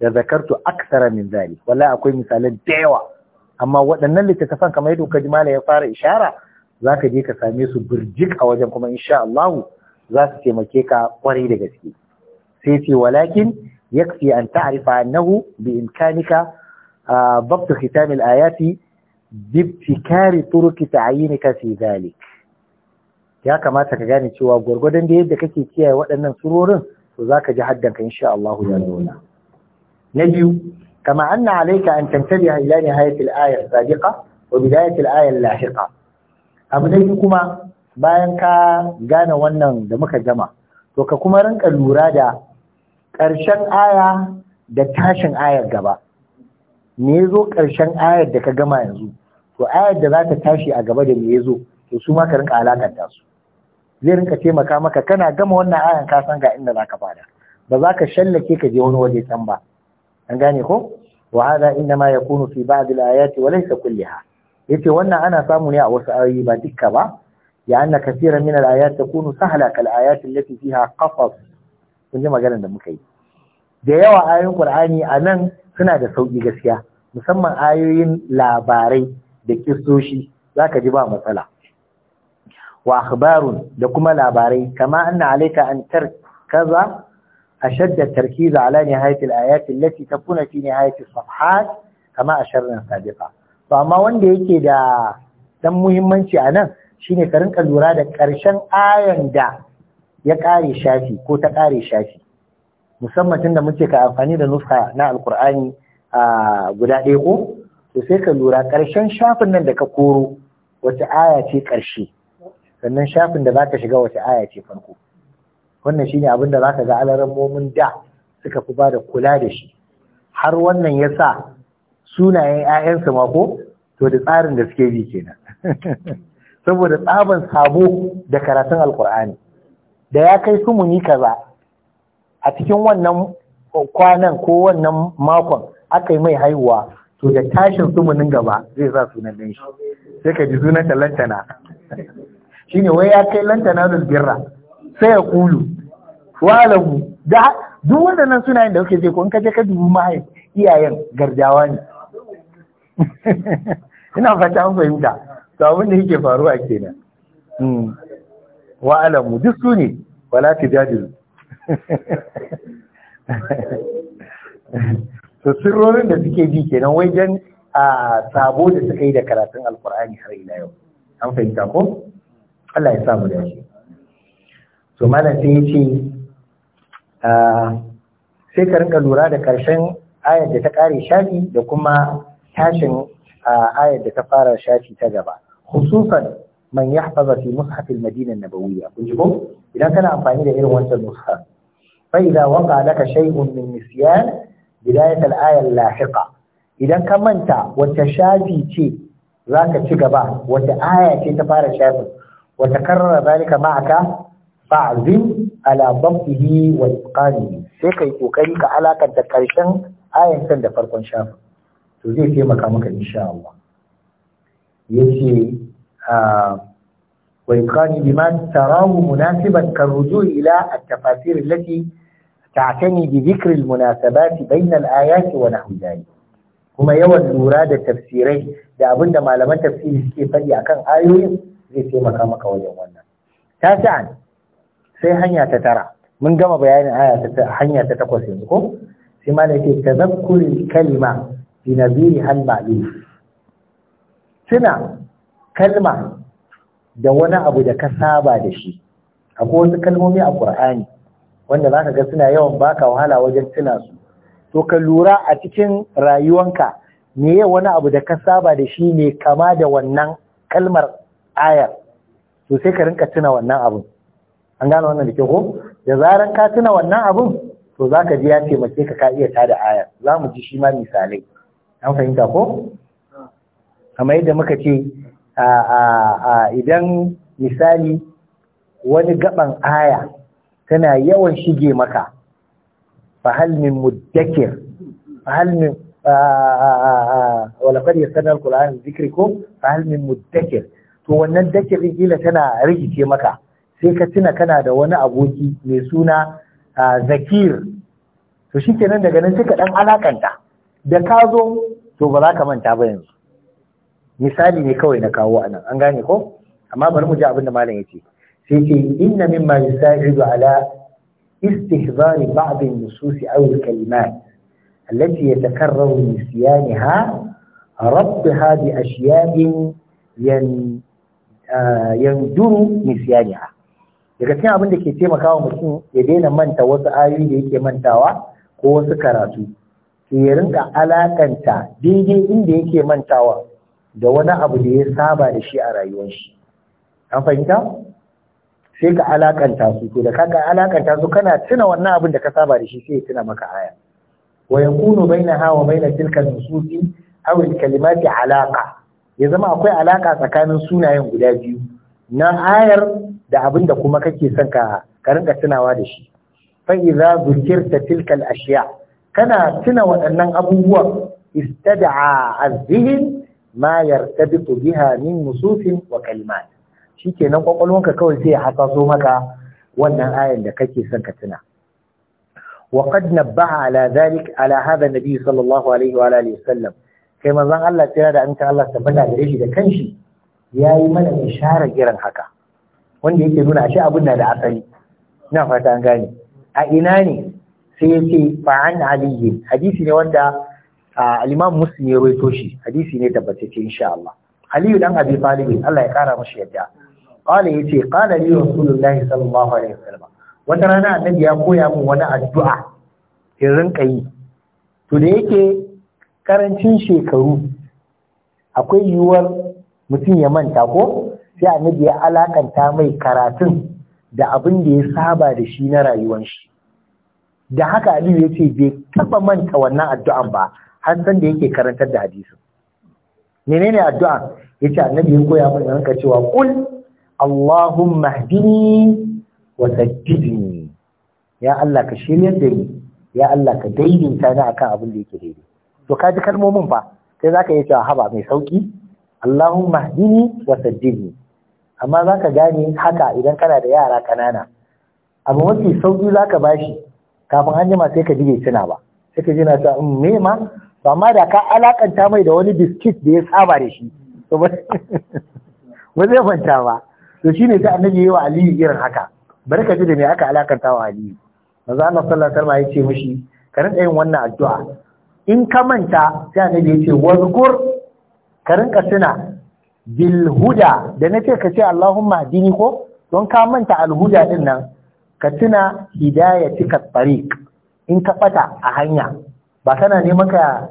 da zakartu aksara min zali wallahi akwai misalan da amma waɗannan littattafan kamar yadda kuka ji mala ya fara ishara zaka je ka same su burjik a wajen kuma insha Allah za su taimake ka kwarai da gaske sai ce walakin yakfi an ta'rifa annahu bi imkanika ضبط ختام الآيات بابتكار طرق تعيينك في ذلك ya kamata ka gane cewa gwargwadon da yadda kake kiyaye waɗannan surorin to za ka ji haddanka insha Allah ya zauna. Na biyu, kama anna alaika an tantabi ila nihayatil ayar sadiqa wa bidayatil ayar lahiqa. Abu na biyu kuma bayan ka gane wannan da muka gama, to ka kuma rinka lura da ƙarshen aya da tashin ayar gaba. Me ya zo ƙarshen ayar da ka gama yanzu? To ayar da za ta tashi a gaba da me ya zo, to su ma ka rinka alakanta su. zai rinka taimaka maka kana gama wannan ayan ka san ga inda zaka fada ba za ka shallake ka je wani waje can ba an gane ko wa hada inna ma yakunu fi ba'd al-ayati wa laysa kulliha yace wannan ana samu ne a wasu ayoyi ba dukka ba ya anna kaseeran min al-ayat takunu sahla kal ayat allati fiha qasas kun ji maganar da muka yi da yawa ayoyin qur'ani anan suna da sauki gaskiya musamman ayoyin labarai da kissoshi zaka ji ba matsala wa akhbarun da kuma labarai kama anna alayka an a ashadda at-tarkiz ala nihayat al-ayat allati takuna fi nihayat as-safhat kama asharna sabiqa to amma wanda yake da ɗan muhimmanci a anan shine ka rinka lura da ƙarshen ayan da ya kare shafi ko ta kare shafi musamman tun da muke ka amfani da nuska na alkur'ani a guda ɗaya ko to sai ka lura ƙarshen shafin nan da ka koro wata aya ce ƙarshe sannan shafin da zaka shiga wace aya ce farko wannan shine abin da zaka ga alaran momin da suka fi bada kula da shi har wannan yasa sa sunayen 'ya'yansu ma ko to da tsarin da suke bi kenan saboda tsaban sabo da karatun alkur'ani da ya kai su muni kaza a cikin wannan kwanan ko wannan makon aka yi mai haihuwa to da tashin sumunin gaba zai sa sunan ɗan sai ka ji sunan talantana shine wai ya kai lantana na birra sai ya kulu walamu da duk waɗannan suna yin da kuke je ko in ka je ka dubu mahai iyayen garjawa ne ina fata an fahimta to abin da yake faruwa kenan hmm. wa'alamu duk su ne wala tijadilu to sirrorin da suke ji kenan wajen a ah, sabo da suka yi da karatun alkur'ani har ila yau an fahimta ko Allah ya sa mu shi. So malam sai ya ce ah, sai ka rinka lura da karshen ayar da ta kare shafi da kuma tashin ah, ayar da ta fara shafi ta gaba khususan man yahfaza fi mushaf al-madina an-nabawiyya kun ji ko idan kana amfani da irin wancan mushaf fa idza waqa laka shay'un min nisyan bidayat al-aya al-lahiqa idan ka manta wata shafi ce zaka ci gaba wata aya ce ta fara shafin wa takarrara zalika ma'aka fa'azim ala dabbihi wa sai kai kokari ka alakanta karshen ayan can da farkon shafin to zai taimaka maka insha Allah yace wa itqani bima tarahu munasiban karruju ila at-tafasir allati ta'tani bi dhikr al-munasabat bayna al-ayat wa nahwi dhalik kuma yawan lura da tafsirai da abinda malaman tafsiri suke faɗi akan ayoyin zai taimaka maka wajen wannan tasi'an sai hanya ta tara mun gama bayanin aya ta hanya ta takwas yanzu ko sai ma ce ta tazakkurul kalima bi naziri hal ma'lum tuna kalma da wani abu da ka saba da shi akwai wasu kalmomi a Qur'ani wanda zaka ga suna yawan baka wahala wajen tuna su to ka lura a cikin rayuwanka me wani abu da ka saba da shi ne kama da wannan kalmar ayar to sai ka rinka tuna wannan abun an gane wannan da ke ko da zaran ka tuna wannan abun to zaka ka ji ya taimake ka ka iya tada ayar za mu ji shi ma misalai an fahimta ko kamar yadda muka ce idan misali wani gaban aya tana yawan shige maka fahal min muddakir fahal min wala qad yasana alquran fa fahal min muddakir to wannan dake din kila tana rikice maka sai ka tuna kana da wani aboki mai suna zakir to shikenan daga nan suka dan alakanta da ka zo to ba za ka manta ba yanzu misali ne kawai na kawo anan an gane ko amma bari mu ji abin da malam yace sai ce inna mimma yusa'idu ala استحضار بعض النصوص أو الكلمات التي يتكرر نسيانها ربطها بأشياء ين yanzuru nisyaniha daga cikin abin da ke taimakawa mutum ya daina manta wasu ayoyi da yake mantawa ko wasu karatu ke ya rinka alakanta daidai inda yake mantawa da wani abu da ya saba da shi a rayuwar shi an fahimta sai ka alakanta su to da ka alakanta su kana tuna wannan abin da ka saba da shi sai ya tuna maka aya wa yakunu bainaha wa bain tilka nususi aw al kalimati alaqa ya zama akwai alaka tsakanin sunayen guda biyu na ayar da abin da kuma kake son ka ka tunawa da shi Fa'iza, idza dhukirta tilka ashiya kana tuna waɗannan abubuwan istad'a az-zihin ma yartabitu biha min nusufin wa kalimat shikenan kwakwalwanka kawai sai ya hasaso maka wannan ayar da kake son ka tuna وقد نبه على ذلك على هذا النبي صلى الله عليه وعلى وسلم kai manzon Allah tsira da amincin Allah tabbata gare shi da kanshi ya yi mana isharar irin haka wanda yake nuna ashe abin na da asali ina fata an gane a ina ne sai ya ce an aliyu hadisi ne wanda al-imam muslim ya rawaito shi hadisi ne tabbatacce insha Allah aliyu dan abi talib Allah ya kara mashi yadda qala yace qala li rasulullahi sallallahu alaihi wasallam wata rana annabi ya koya min wani addu'a in rinka yi to da yake karancin shekaru akwai yiwuwar mutum ya manta ko sai annabi ya alakanta mai karatun da abin da ya saba da shi na rayuwar shi da haka aliyu ya ce bai taba manta wannan addu'an ba har san da yake karantar da hadisi menene addu'an ya ce annabi ya koya mana ranka cewa qul allahumma hdini wa saddidni ya Allah ka shiryar da ni ya Allah ka daidaita ni akan abin da yake daidai to ka ji kalmomin fa sai zaka yi cewa haba mai sauki Allahumma hdini wa saddini amma zaka gane haka idan kana da yara kanana abu mafi sauki zaka bashi kafin an jima sai ka ji bai tuna ba sai ka ji na ta mm, me ma ba ma da ka alakanta mai da wani biskit da ya saba da shi to ba zai fanta ba to shine sai annabi yayi wa Aliyu irin haka bari ka ji da me aka alakanta wa Aliyu manzo Allah sallallahu alaihi wasallam ya ce mishi ka rinka yin wannan addu'a in ka manta sai annabi ya ce wazkur ka rinka suna bil huda da nace ka ce Allahumma dini ko don ka manta al huda din nan ka tuna ka tariq in ka fata a hanya ba kana neman ka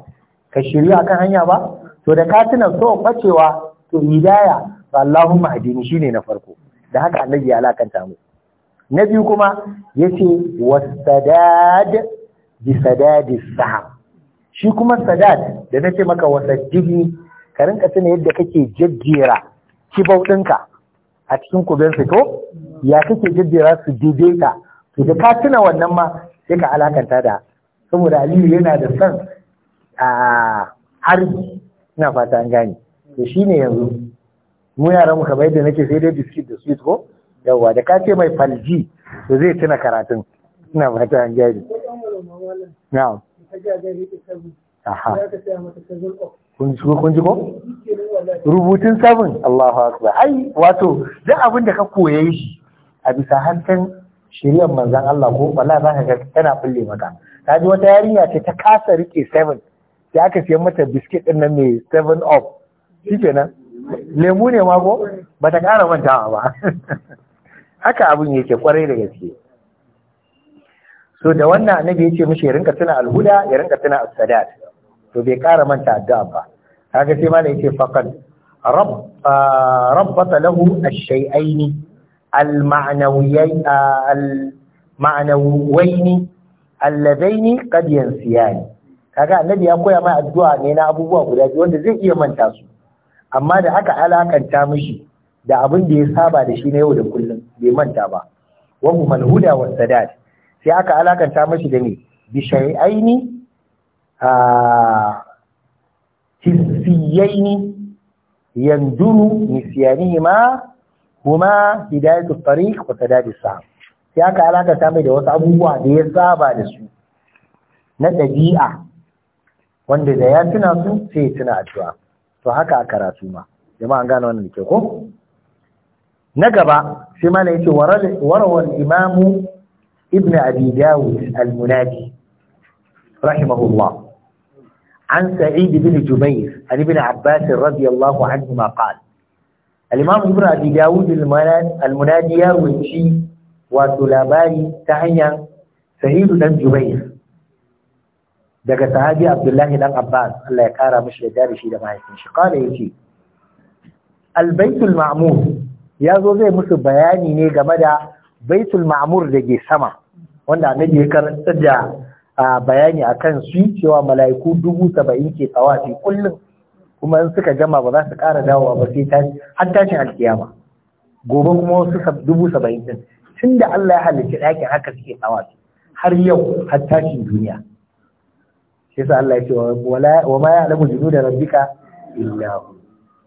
ka shirya akan hanya ba to da ka tuna so bacewa to hidaya ba Allahumma dini shine na farko da haka annabi ya alakanta mu na biyu kuma yace wasadad bi sadadis sahab shi kuma sadat da nace maka wasa jini ka rinka tuna yadda kake jajjera kibau ɗinka a cikin kuben fito ya kake jajjera su dube ka to da ka tuna wannan ma sai ka alakanta da saboda aliyu yana da son a harbi ina fata an gane to shine yanzu mu yaran muka bai yadda nake sai dai biskit da sweet ko yawwa da ka ce mai falji to zai tuna karatun ina fata an gane na'am kun shigo kun ko rubutun sabon Allahu akbar ai wato duk abin da ka koye shi a bisa hancin shiriyar manzan Allah ko za zaka ga tana bulle maka ta ji wata yarinya ce ta kasa rike 7 sai aka siyan mata biskit din nan mai 7 up nan lemu ne ma ko bata kara mantawa ba haka abin yake kwarai da gaske to da wannan annabi ya ce mishi ya rinka tuna alhuda ya rinka tuna as-sadat to bai kara manta addu'a ba kaga sai malai yace faqad rabb ah, rabbata lahu ash shayain al-ma'nawiyyi ah, al-ma'nawiyaini alladaini qad yansiyani kaga annabi ya koya mai addu'a ne na abubuwa guda biyu wanda zai iya manta su amma da aka alakanta mishi da abin da ya saba da shi na yau da kullum bai manta ba wa humal huda was sadat sai aka alakanta mashi da ne bi aini, a hissiyaini yanzu nisyanihi ma kuma hidayatu tariq wa sadadi sa sai aka alakanta mai da wasu abubuwa da ya saba da su na ɗabi'a wanda da ya tuna su sai ya tuna addu'a to haka a karatu ma jama'a an gane wannan da ke ko na gaba sai ya ce warawar imamu ابن أبي داود المنادي رحمه الله عن سعيد بن جبير عن ابن عباس رضي الله عنهما قال الإمام ابن أبي داود المنادي يا شيء وسلاباني تعيا سعيد بن جبير دك صحابي عبد الله بن عباس الله يكارى مش لدار شيء ما قال يجي البيت المعمور يا زوجي مش بياني نيجا مدى baitul ma'mur da ke sama wanda na ke karanta da bayani akan su cewa mala'iku dubu saba'in ke tsawafi kullum kuma in suka gama ba za su ƙara dawowa ba sai har tashin alkiyama gobe kuma wasu dubu saba'in din tun da Allah ya halicci ɗakin haka suke tsawafi har yau har tashin duniya shi yasa Allah ya ce wa ma jinu da rabbika illa hu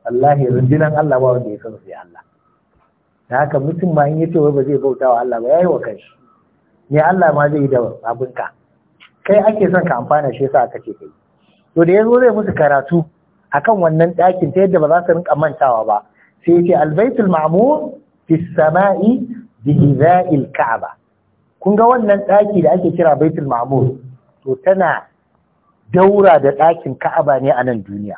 wallahi rundunan Allah ba wanda ya san sai Allah da haka mutum ma in ya ce wai ba zai bauta wa Allah ba yi wa kanshi ne Allah ma zai yi da abinka kai ake son ka amfana shi yasa aka ce kai to da yazo zai musu karatu akan wannan ɗakin ta yadda ba za su rinka mantawa ba sai ya ce albaitul ma'mur fi sama'i bi hizail ka'aba kun ga wannan ɗaki da ake kira baitul ma'mur to tana daura da ɗakin ka'aba ne a nan duniya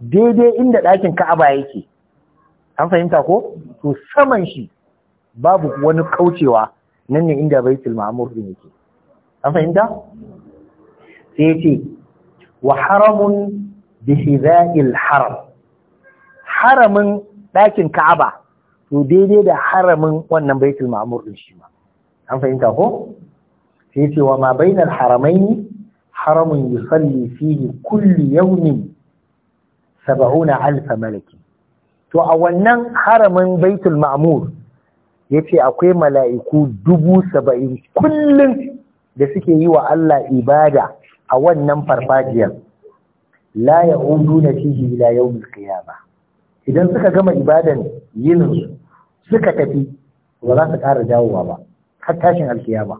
daidai inda ɗakin ka'aba yake an fahimta ko to saman shi babu wani kaucewa nan ne inda baitul ma'mur din yake an fahimta sai yace wa haramun bi hidha'il haram haramin ɗakin Ka'aba to daidai da haramin wannan baitul ma'mur din shi ma an fahimta ko sai ce wa ma bainal haramaini haramun yusalli fihi kulli yawmin 70000 malaki to a wannan haramin baitul ma'mur ce akwai mala'iku dubu saba'in kullum da suke yi wa Allah ibada a wannan farfajiyar la na fihi ila yawmil ba. idan suka gama ibadan yinin suka tafi ba za su ƙara dawowa ba har tashin ba.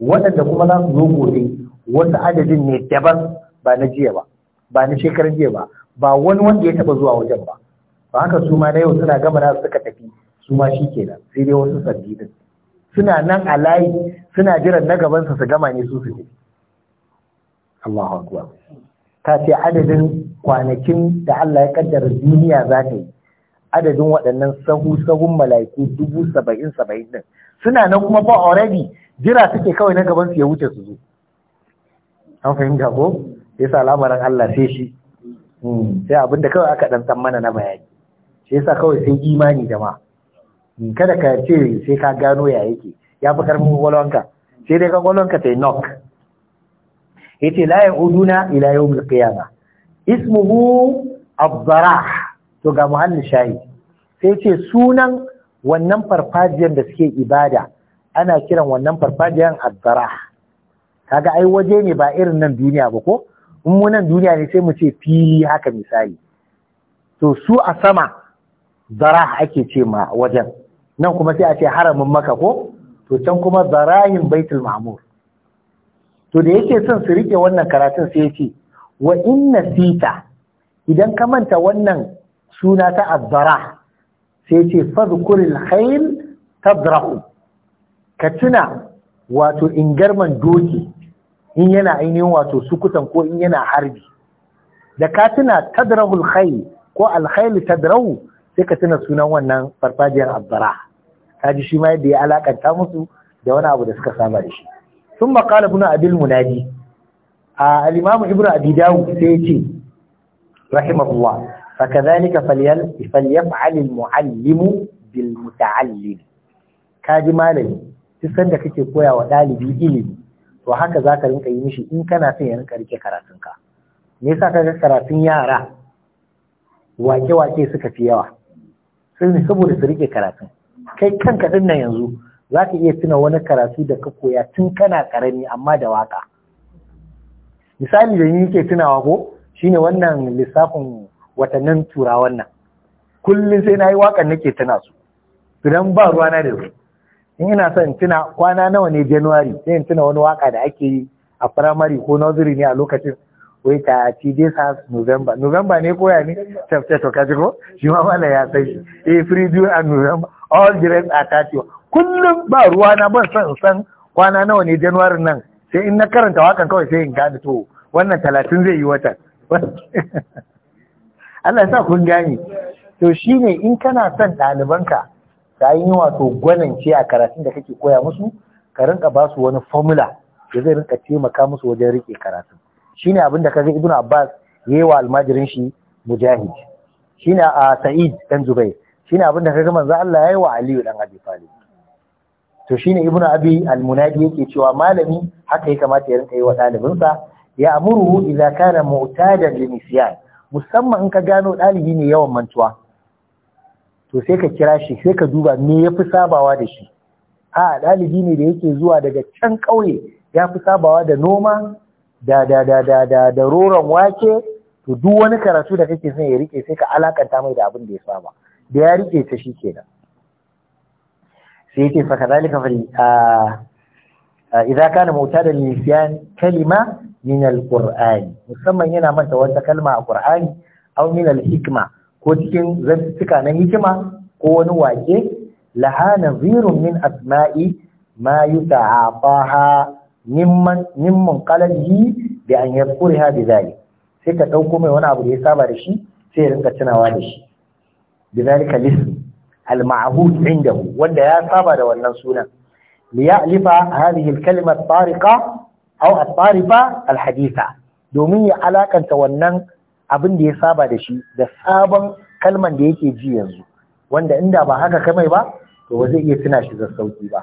waɗanda kuma za su zo gobe wasu adadin ne daban ba na jiya ba ba na shekaran jiya ba ba wani wanda ya taɓa zuwa wajen ba ba haka su ma na yau suna gama na suka tafi su ma shi kenan sai dai wasu sabbi din suna nan a layi suna jiran na gaban su su gama ne su su ne Allahu akbar ka ce adadin kwanakin da Allah ya kaddara duniya za ta yi adadin waɗannan sahu sahun mala'iku dubu saba'in saba'in din suna nan kuma ba already jira suke kawai na gaban su ya wuce su zo an fahimta ko yasa lamarin Allah sai shi hmm, sai abinda kawai aka dan tsammana mana na bayani shi yasa kawai sai imani jama'a hmm, kada ka ce sai ka gano ya yake ya fi karfin kwakwalwanka sai dai kwakwalwanka ta sai knock ya ce la ya'uduna ila yawmil qiyama ismuhu abdara to ga muhallin Shayi sai ce sunan wannan farfajiyar da suke ibada ana kiran wannan farfajiyar abdara kaga ai waje ne ba irin nan duniya ba ko in mu nan duniya ne sai mu ce fili haka misali to su a sama zarah ake ce ma wajen nan kuma sai a ce haramin maka ko to can kuma zarahin baitul ma'mur to da yake son su rike wannan karatun sai yace wa inna sita idan ka manta wannan suna ta azzara sai yace fadhkuril khayl tadrahu ka tuna wato ingarman doki in yana ainihin wato sukutan ko in yana harbi da ka tuna tadrahul khayl ko alkhayl tadrahu sai ka tuna sunan wannan farfajiyar abbara ta ji shi ma yadda ya alakanta musu da wani abu da suka saba da shi sun makala buna abil munadi a alimamu ibnu abi sai ya ce rahimahullah fakadhalika falyaf'al almuallimu bil muta'allim ji malami duk sanda kake koya wa dalibi ilimi to haka zaka rinka yi mishi in kana son ya rinka rike karatunka me yasa ga karatun yara wake-wake suka fi yawa sai ne saboda su rike karatu, kai kanka din nan yanzu za ka iya tuna wani karatu da ka koya tun kana karami amma da waka misali da ni ke tunawa ko shine wannan lissafin watannin turawan nan kullum sai na yi wakan nake tuna su idan ba ruwana da su in ina son tuna kwana nawa ne january sai in tuna wani waka da ake yi a firamare ko nursery ne a lokacin wai ta ci this has november november ne koya ne Tafiya to kaji ko shi ma mallam ya san shi eh free due and november all the rest are thirty kullum ba ruwa na ban san san kwana nawa ne january nan sai in na karanta wakan kawai sai in gane to wannan talatin zai yi watan Allah ya sa kun gane to shine in kana son ɗalibanka ta yi wato gwanance a karatun da kake koya musu ka rinka ba su wani formula da zai rinka taimaka musu wajen rike karatun shine abin da kaga ibnu abbas yayi wa almajirin shi mujahid shine a sa'id dan zubair shine abin da kaga manzo Allah yayi wa aliyu dan abi talib to shine ibnu abi almunadi yake cewa malami haka ya kamata ya rinka yi wa ɗalibinsa ya amuru idza kana li nisyan musamman in ka gano dalibi ne yawan mantuwa to sai ka kira shi sai ka duba me yafi sabawa da shi a ɗalibi ne da yake zuwa daga can ƙauye ya fi sabawa da noma da da da da da da roron wake to duk wani karatu da kake son ya rike sai ka alakanta mai da abin da ya saba da ya rike ta shi kenan sai yake fa kadalika fa idza kana da lisyan kalima min alqur'ani musamman yana manta wata kalma a qur'ani aw min alhikma ko cikin zantuka na hikima ko wani wake laha nazirun min asma'i ma yuta'afaha mimman mimman qalbihi bi an yadhkurha bi sai ka dauko mai wani abu da ya saba da shi sai ya rinka tunawa da shi bi zalika al ma'hud indahu wanda ya saba da wannan sunan li ya'lifa hadhihi al kalima at tariqa aw at tarifa al haditha domin ya alakanta wannan abin da ya saba da shi da sabon kalman da yake ji yanzu wanda inda ba haka kamai ba to ba zai iya tuna shi da sauki ba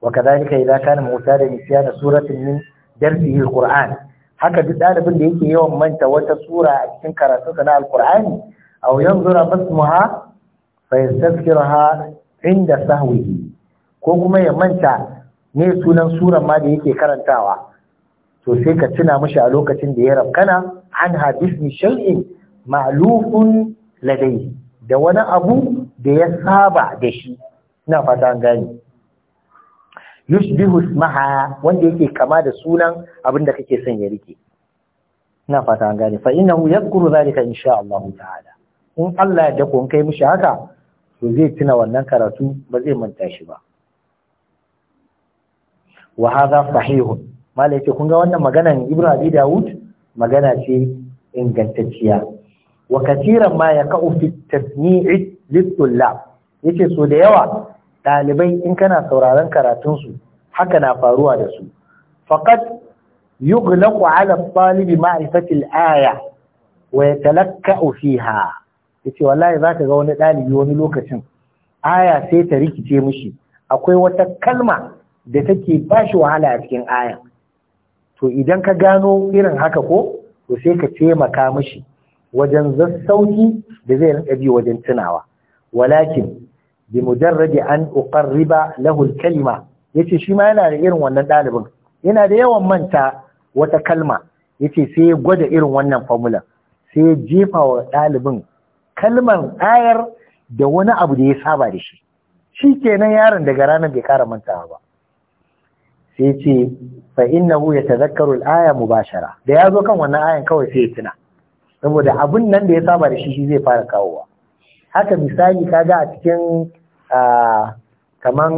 Wa وكذلك إذا كان معتادا نسيان da من درسه القرآن haka duk ɗalibin da yake yawan manta wata sura a cikin karatunsa na alkur'ani aw yanzura basmuha fa yastaghfiruha inda sahwihi ko kuma ya manta ne sunan suran ma da yake karantawa to sai ka tuna mashi a lokacin da ya rafkana an hadisni shay'in ma'lufun ladai da wani abu da ya saba da shi ina fata an gani yushbihu ismaha wanda yake kama da sunan abinda kake son ya rike ina fata an gane fa innahu yadhkuru zalika insha Allah ta'ala in Allah ya dako kai mishi haka to zai tuna wannan karatu ba zai manta shi ba wa hadha sahihun malai ce kun ga wannan maganan Ibrahim Dawud magana ce ingantacciya wa katiran ma yaqa'u fi tasni'i lit-tullab yace so da yawa ɗalibai in kana sauraron karatunsu haka na faruwa da su faqad yughlaqu ala talibi ma'rifati al-aya wa Ka ya ce wallahi ka ga wani ɗalibi wani lokacin aya sai ta rikice mishi akwai wata kalma da take bashi wahala a cikin aya to idan ka gano irin haka ko to sai ka taimaka mishi wajen zassauki da zai rinka bi wajen tunawa walakin bi mujarradi an riba lahu al-kalima yace shi ma yana da irin wannan ɗalibin. yana da yawan manta wata kalma yace sai ya gwada irin wannan formula sai ya jefa wa dalibin kalmar ayar da wani abu da ya saba da shi shi kenan yaron daga ranar bai kara mantawa ba sai ce fa innahu yatazakkaru al-aya mubashara da ya zo kan wannan ayan kawai sai ya tuna saboda abun nan da ya saba da shi shi zai fara kawowa haka misali kaga a cikin kaman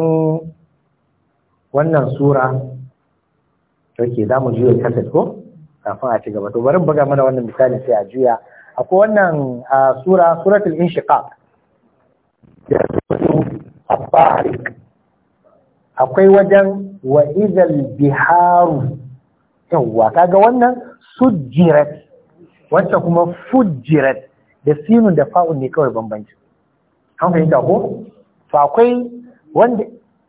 wannan sura yake za mu juya kasar ko kafin a ci gaba to bari buga mana wannan misali sai a juya akwai wannan sura suratul inshiqaq akwai wajen wa idal biharu yawwa kaga wannan sujirat wacce kuma fujirat da sinun da fa'un ne kawai bambanci an fahimta ko to akwai wanda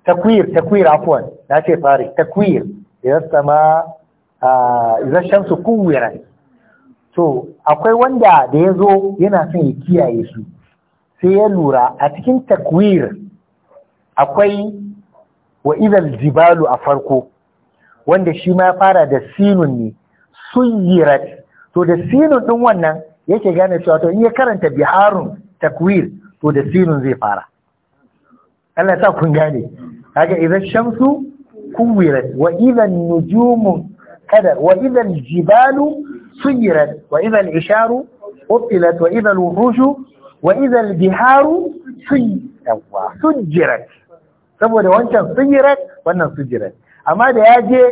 takwir takwir afwan na ce fare takwir ya sama idan shamsu kuwira to akwai wanda da ya zo yana son ya kiyaye su sai ya lura a cikin takwir akwai wa izal jibalu a farko wanda shi ma fara da sinun ne suyirat to da sinun din wannan yake gane cewa to in ya karanta biharun takwir to da sinun zai fara Allah ya sa kun gane kaga idan shamsu kuwirat wa idan nujum kadar wa idan jibalu suyirat wa idan isharu utilat wa idan wuhushu wa idan biharu sujirat saboda wancan sujirat wannan sujirat amma da yaje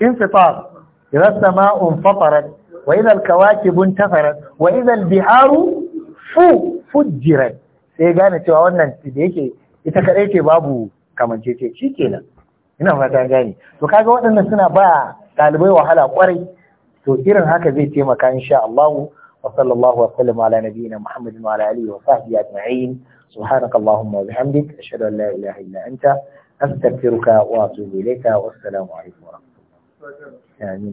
insifar idan sama'un fatarat wa idhal kawakibun tafarat wa idhal biharu fu sai gane cewa wannan da yake ita kadai ce babu kamancece shikenan ina fata gane to kaga waɗannan suna ba ɗalibai wahala kwarai to irin haka zai taimaka insha Allah wa sallallahu wa sallam ala nabiyyina muhammad wa ala alihi wa sahbihi ajma'in subhanaka allahumma wa bihamdik ashhadu an la ilaha illa anta astaghfiruka wa atubu ilayka alaikum wa rahmatullahi wa barakatuh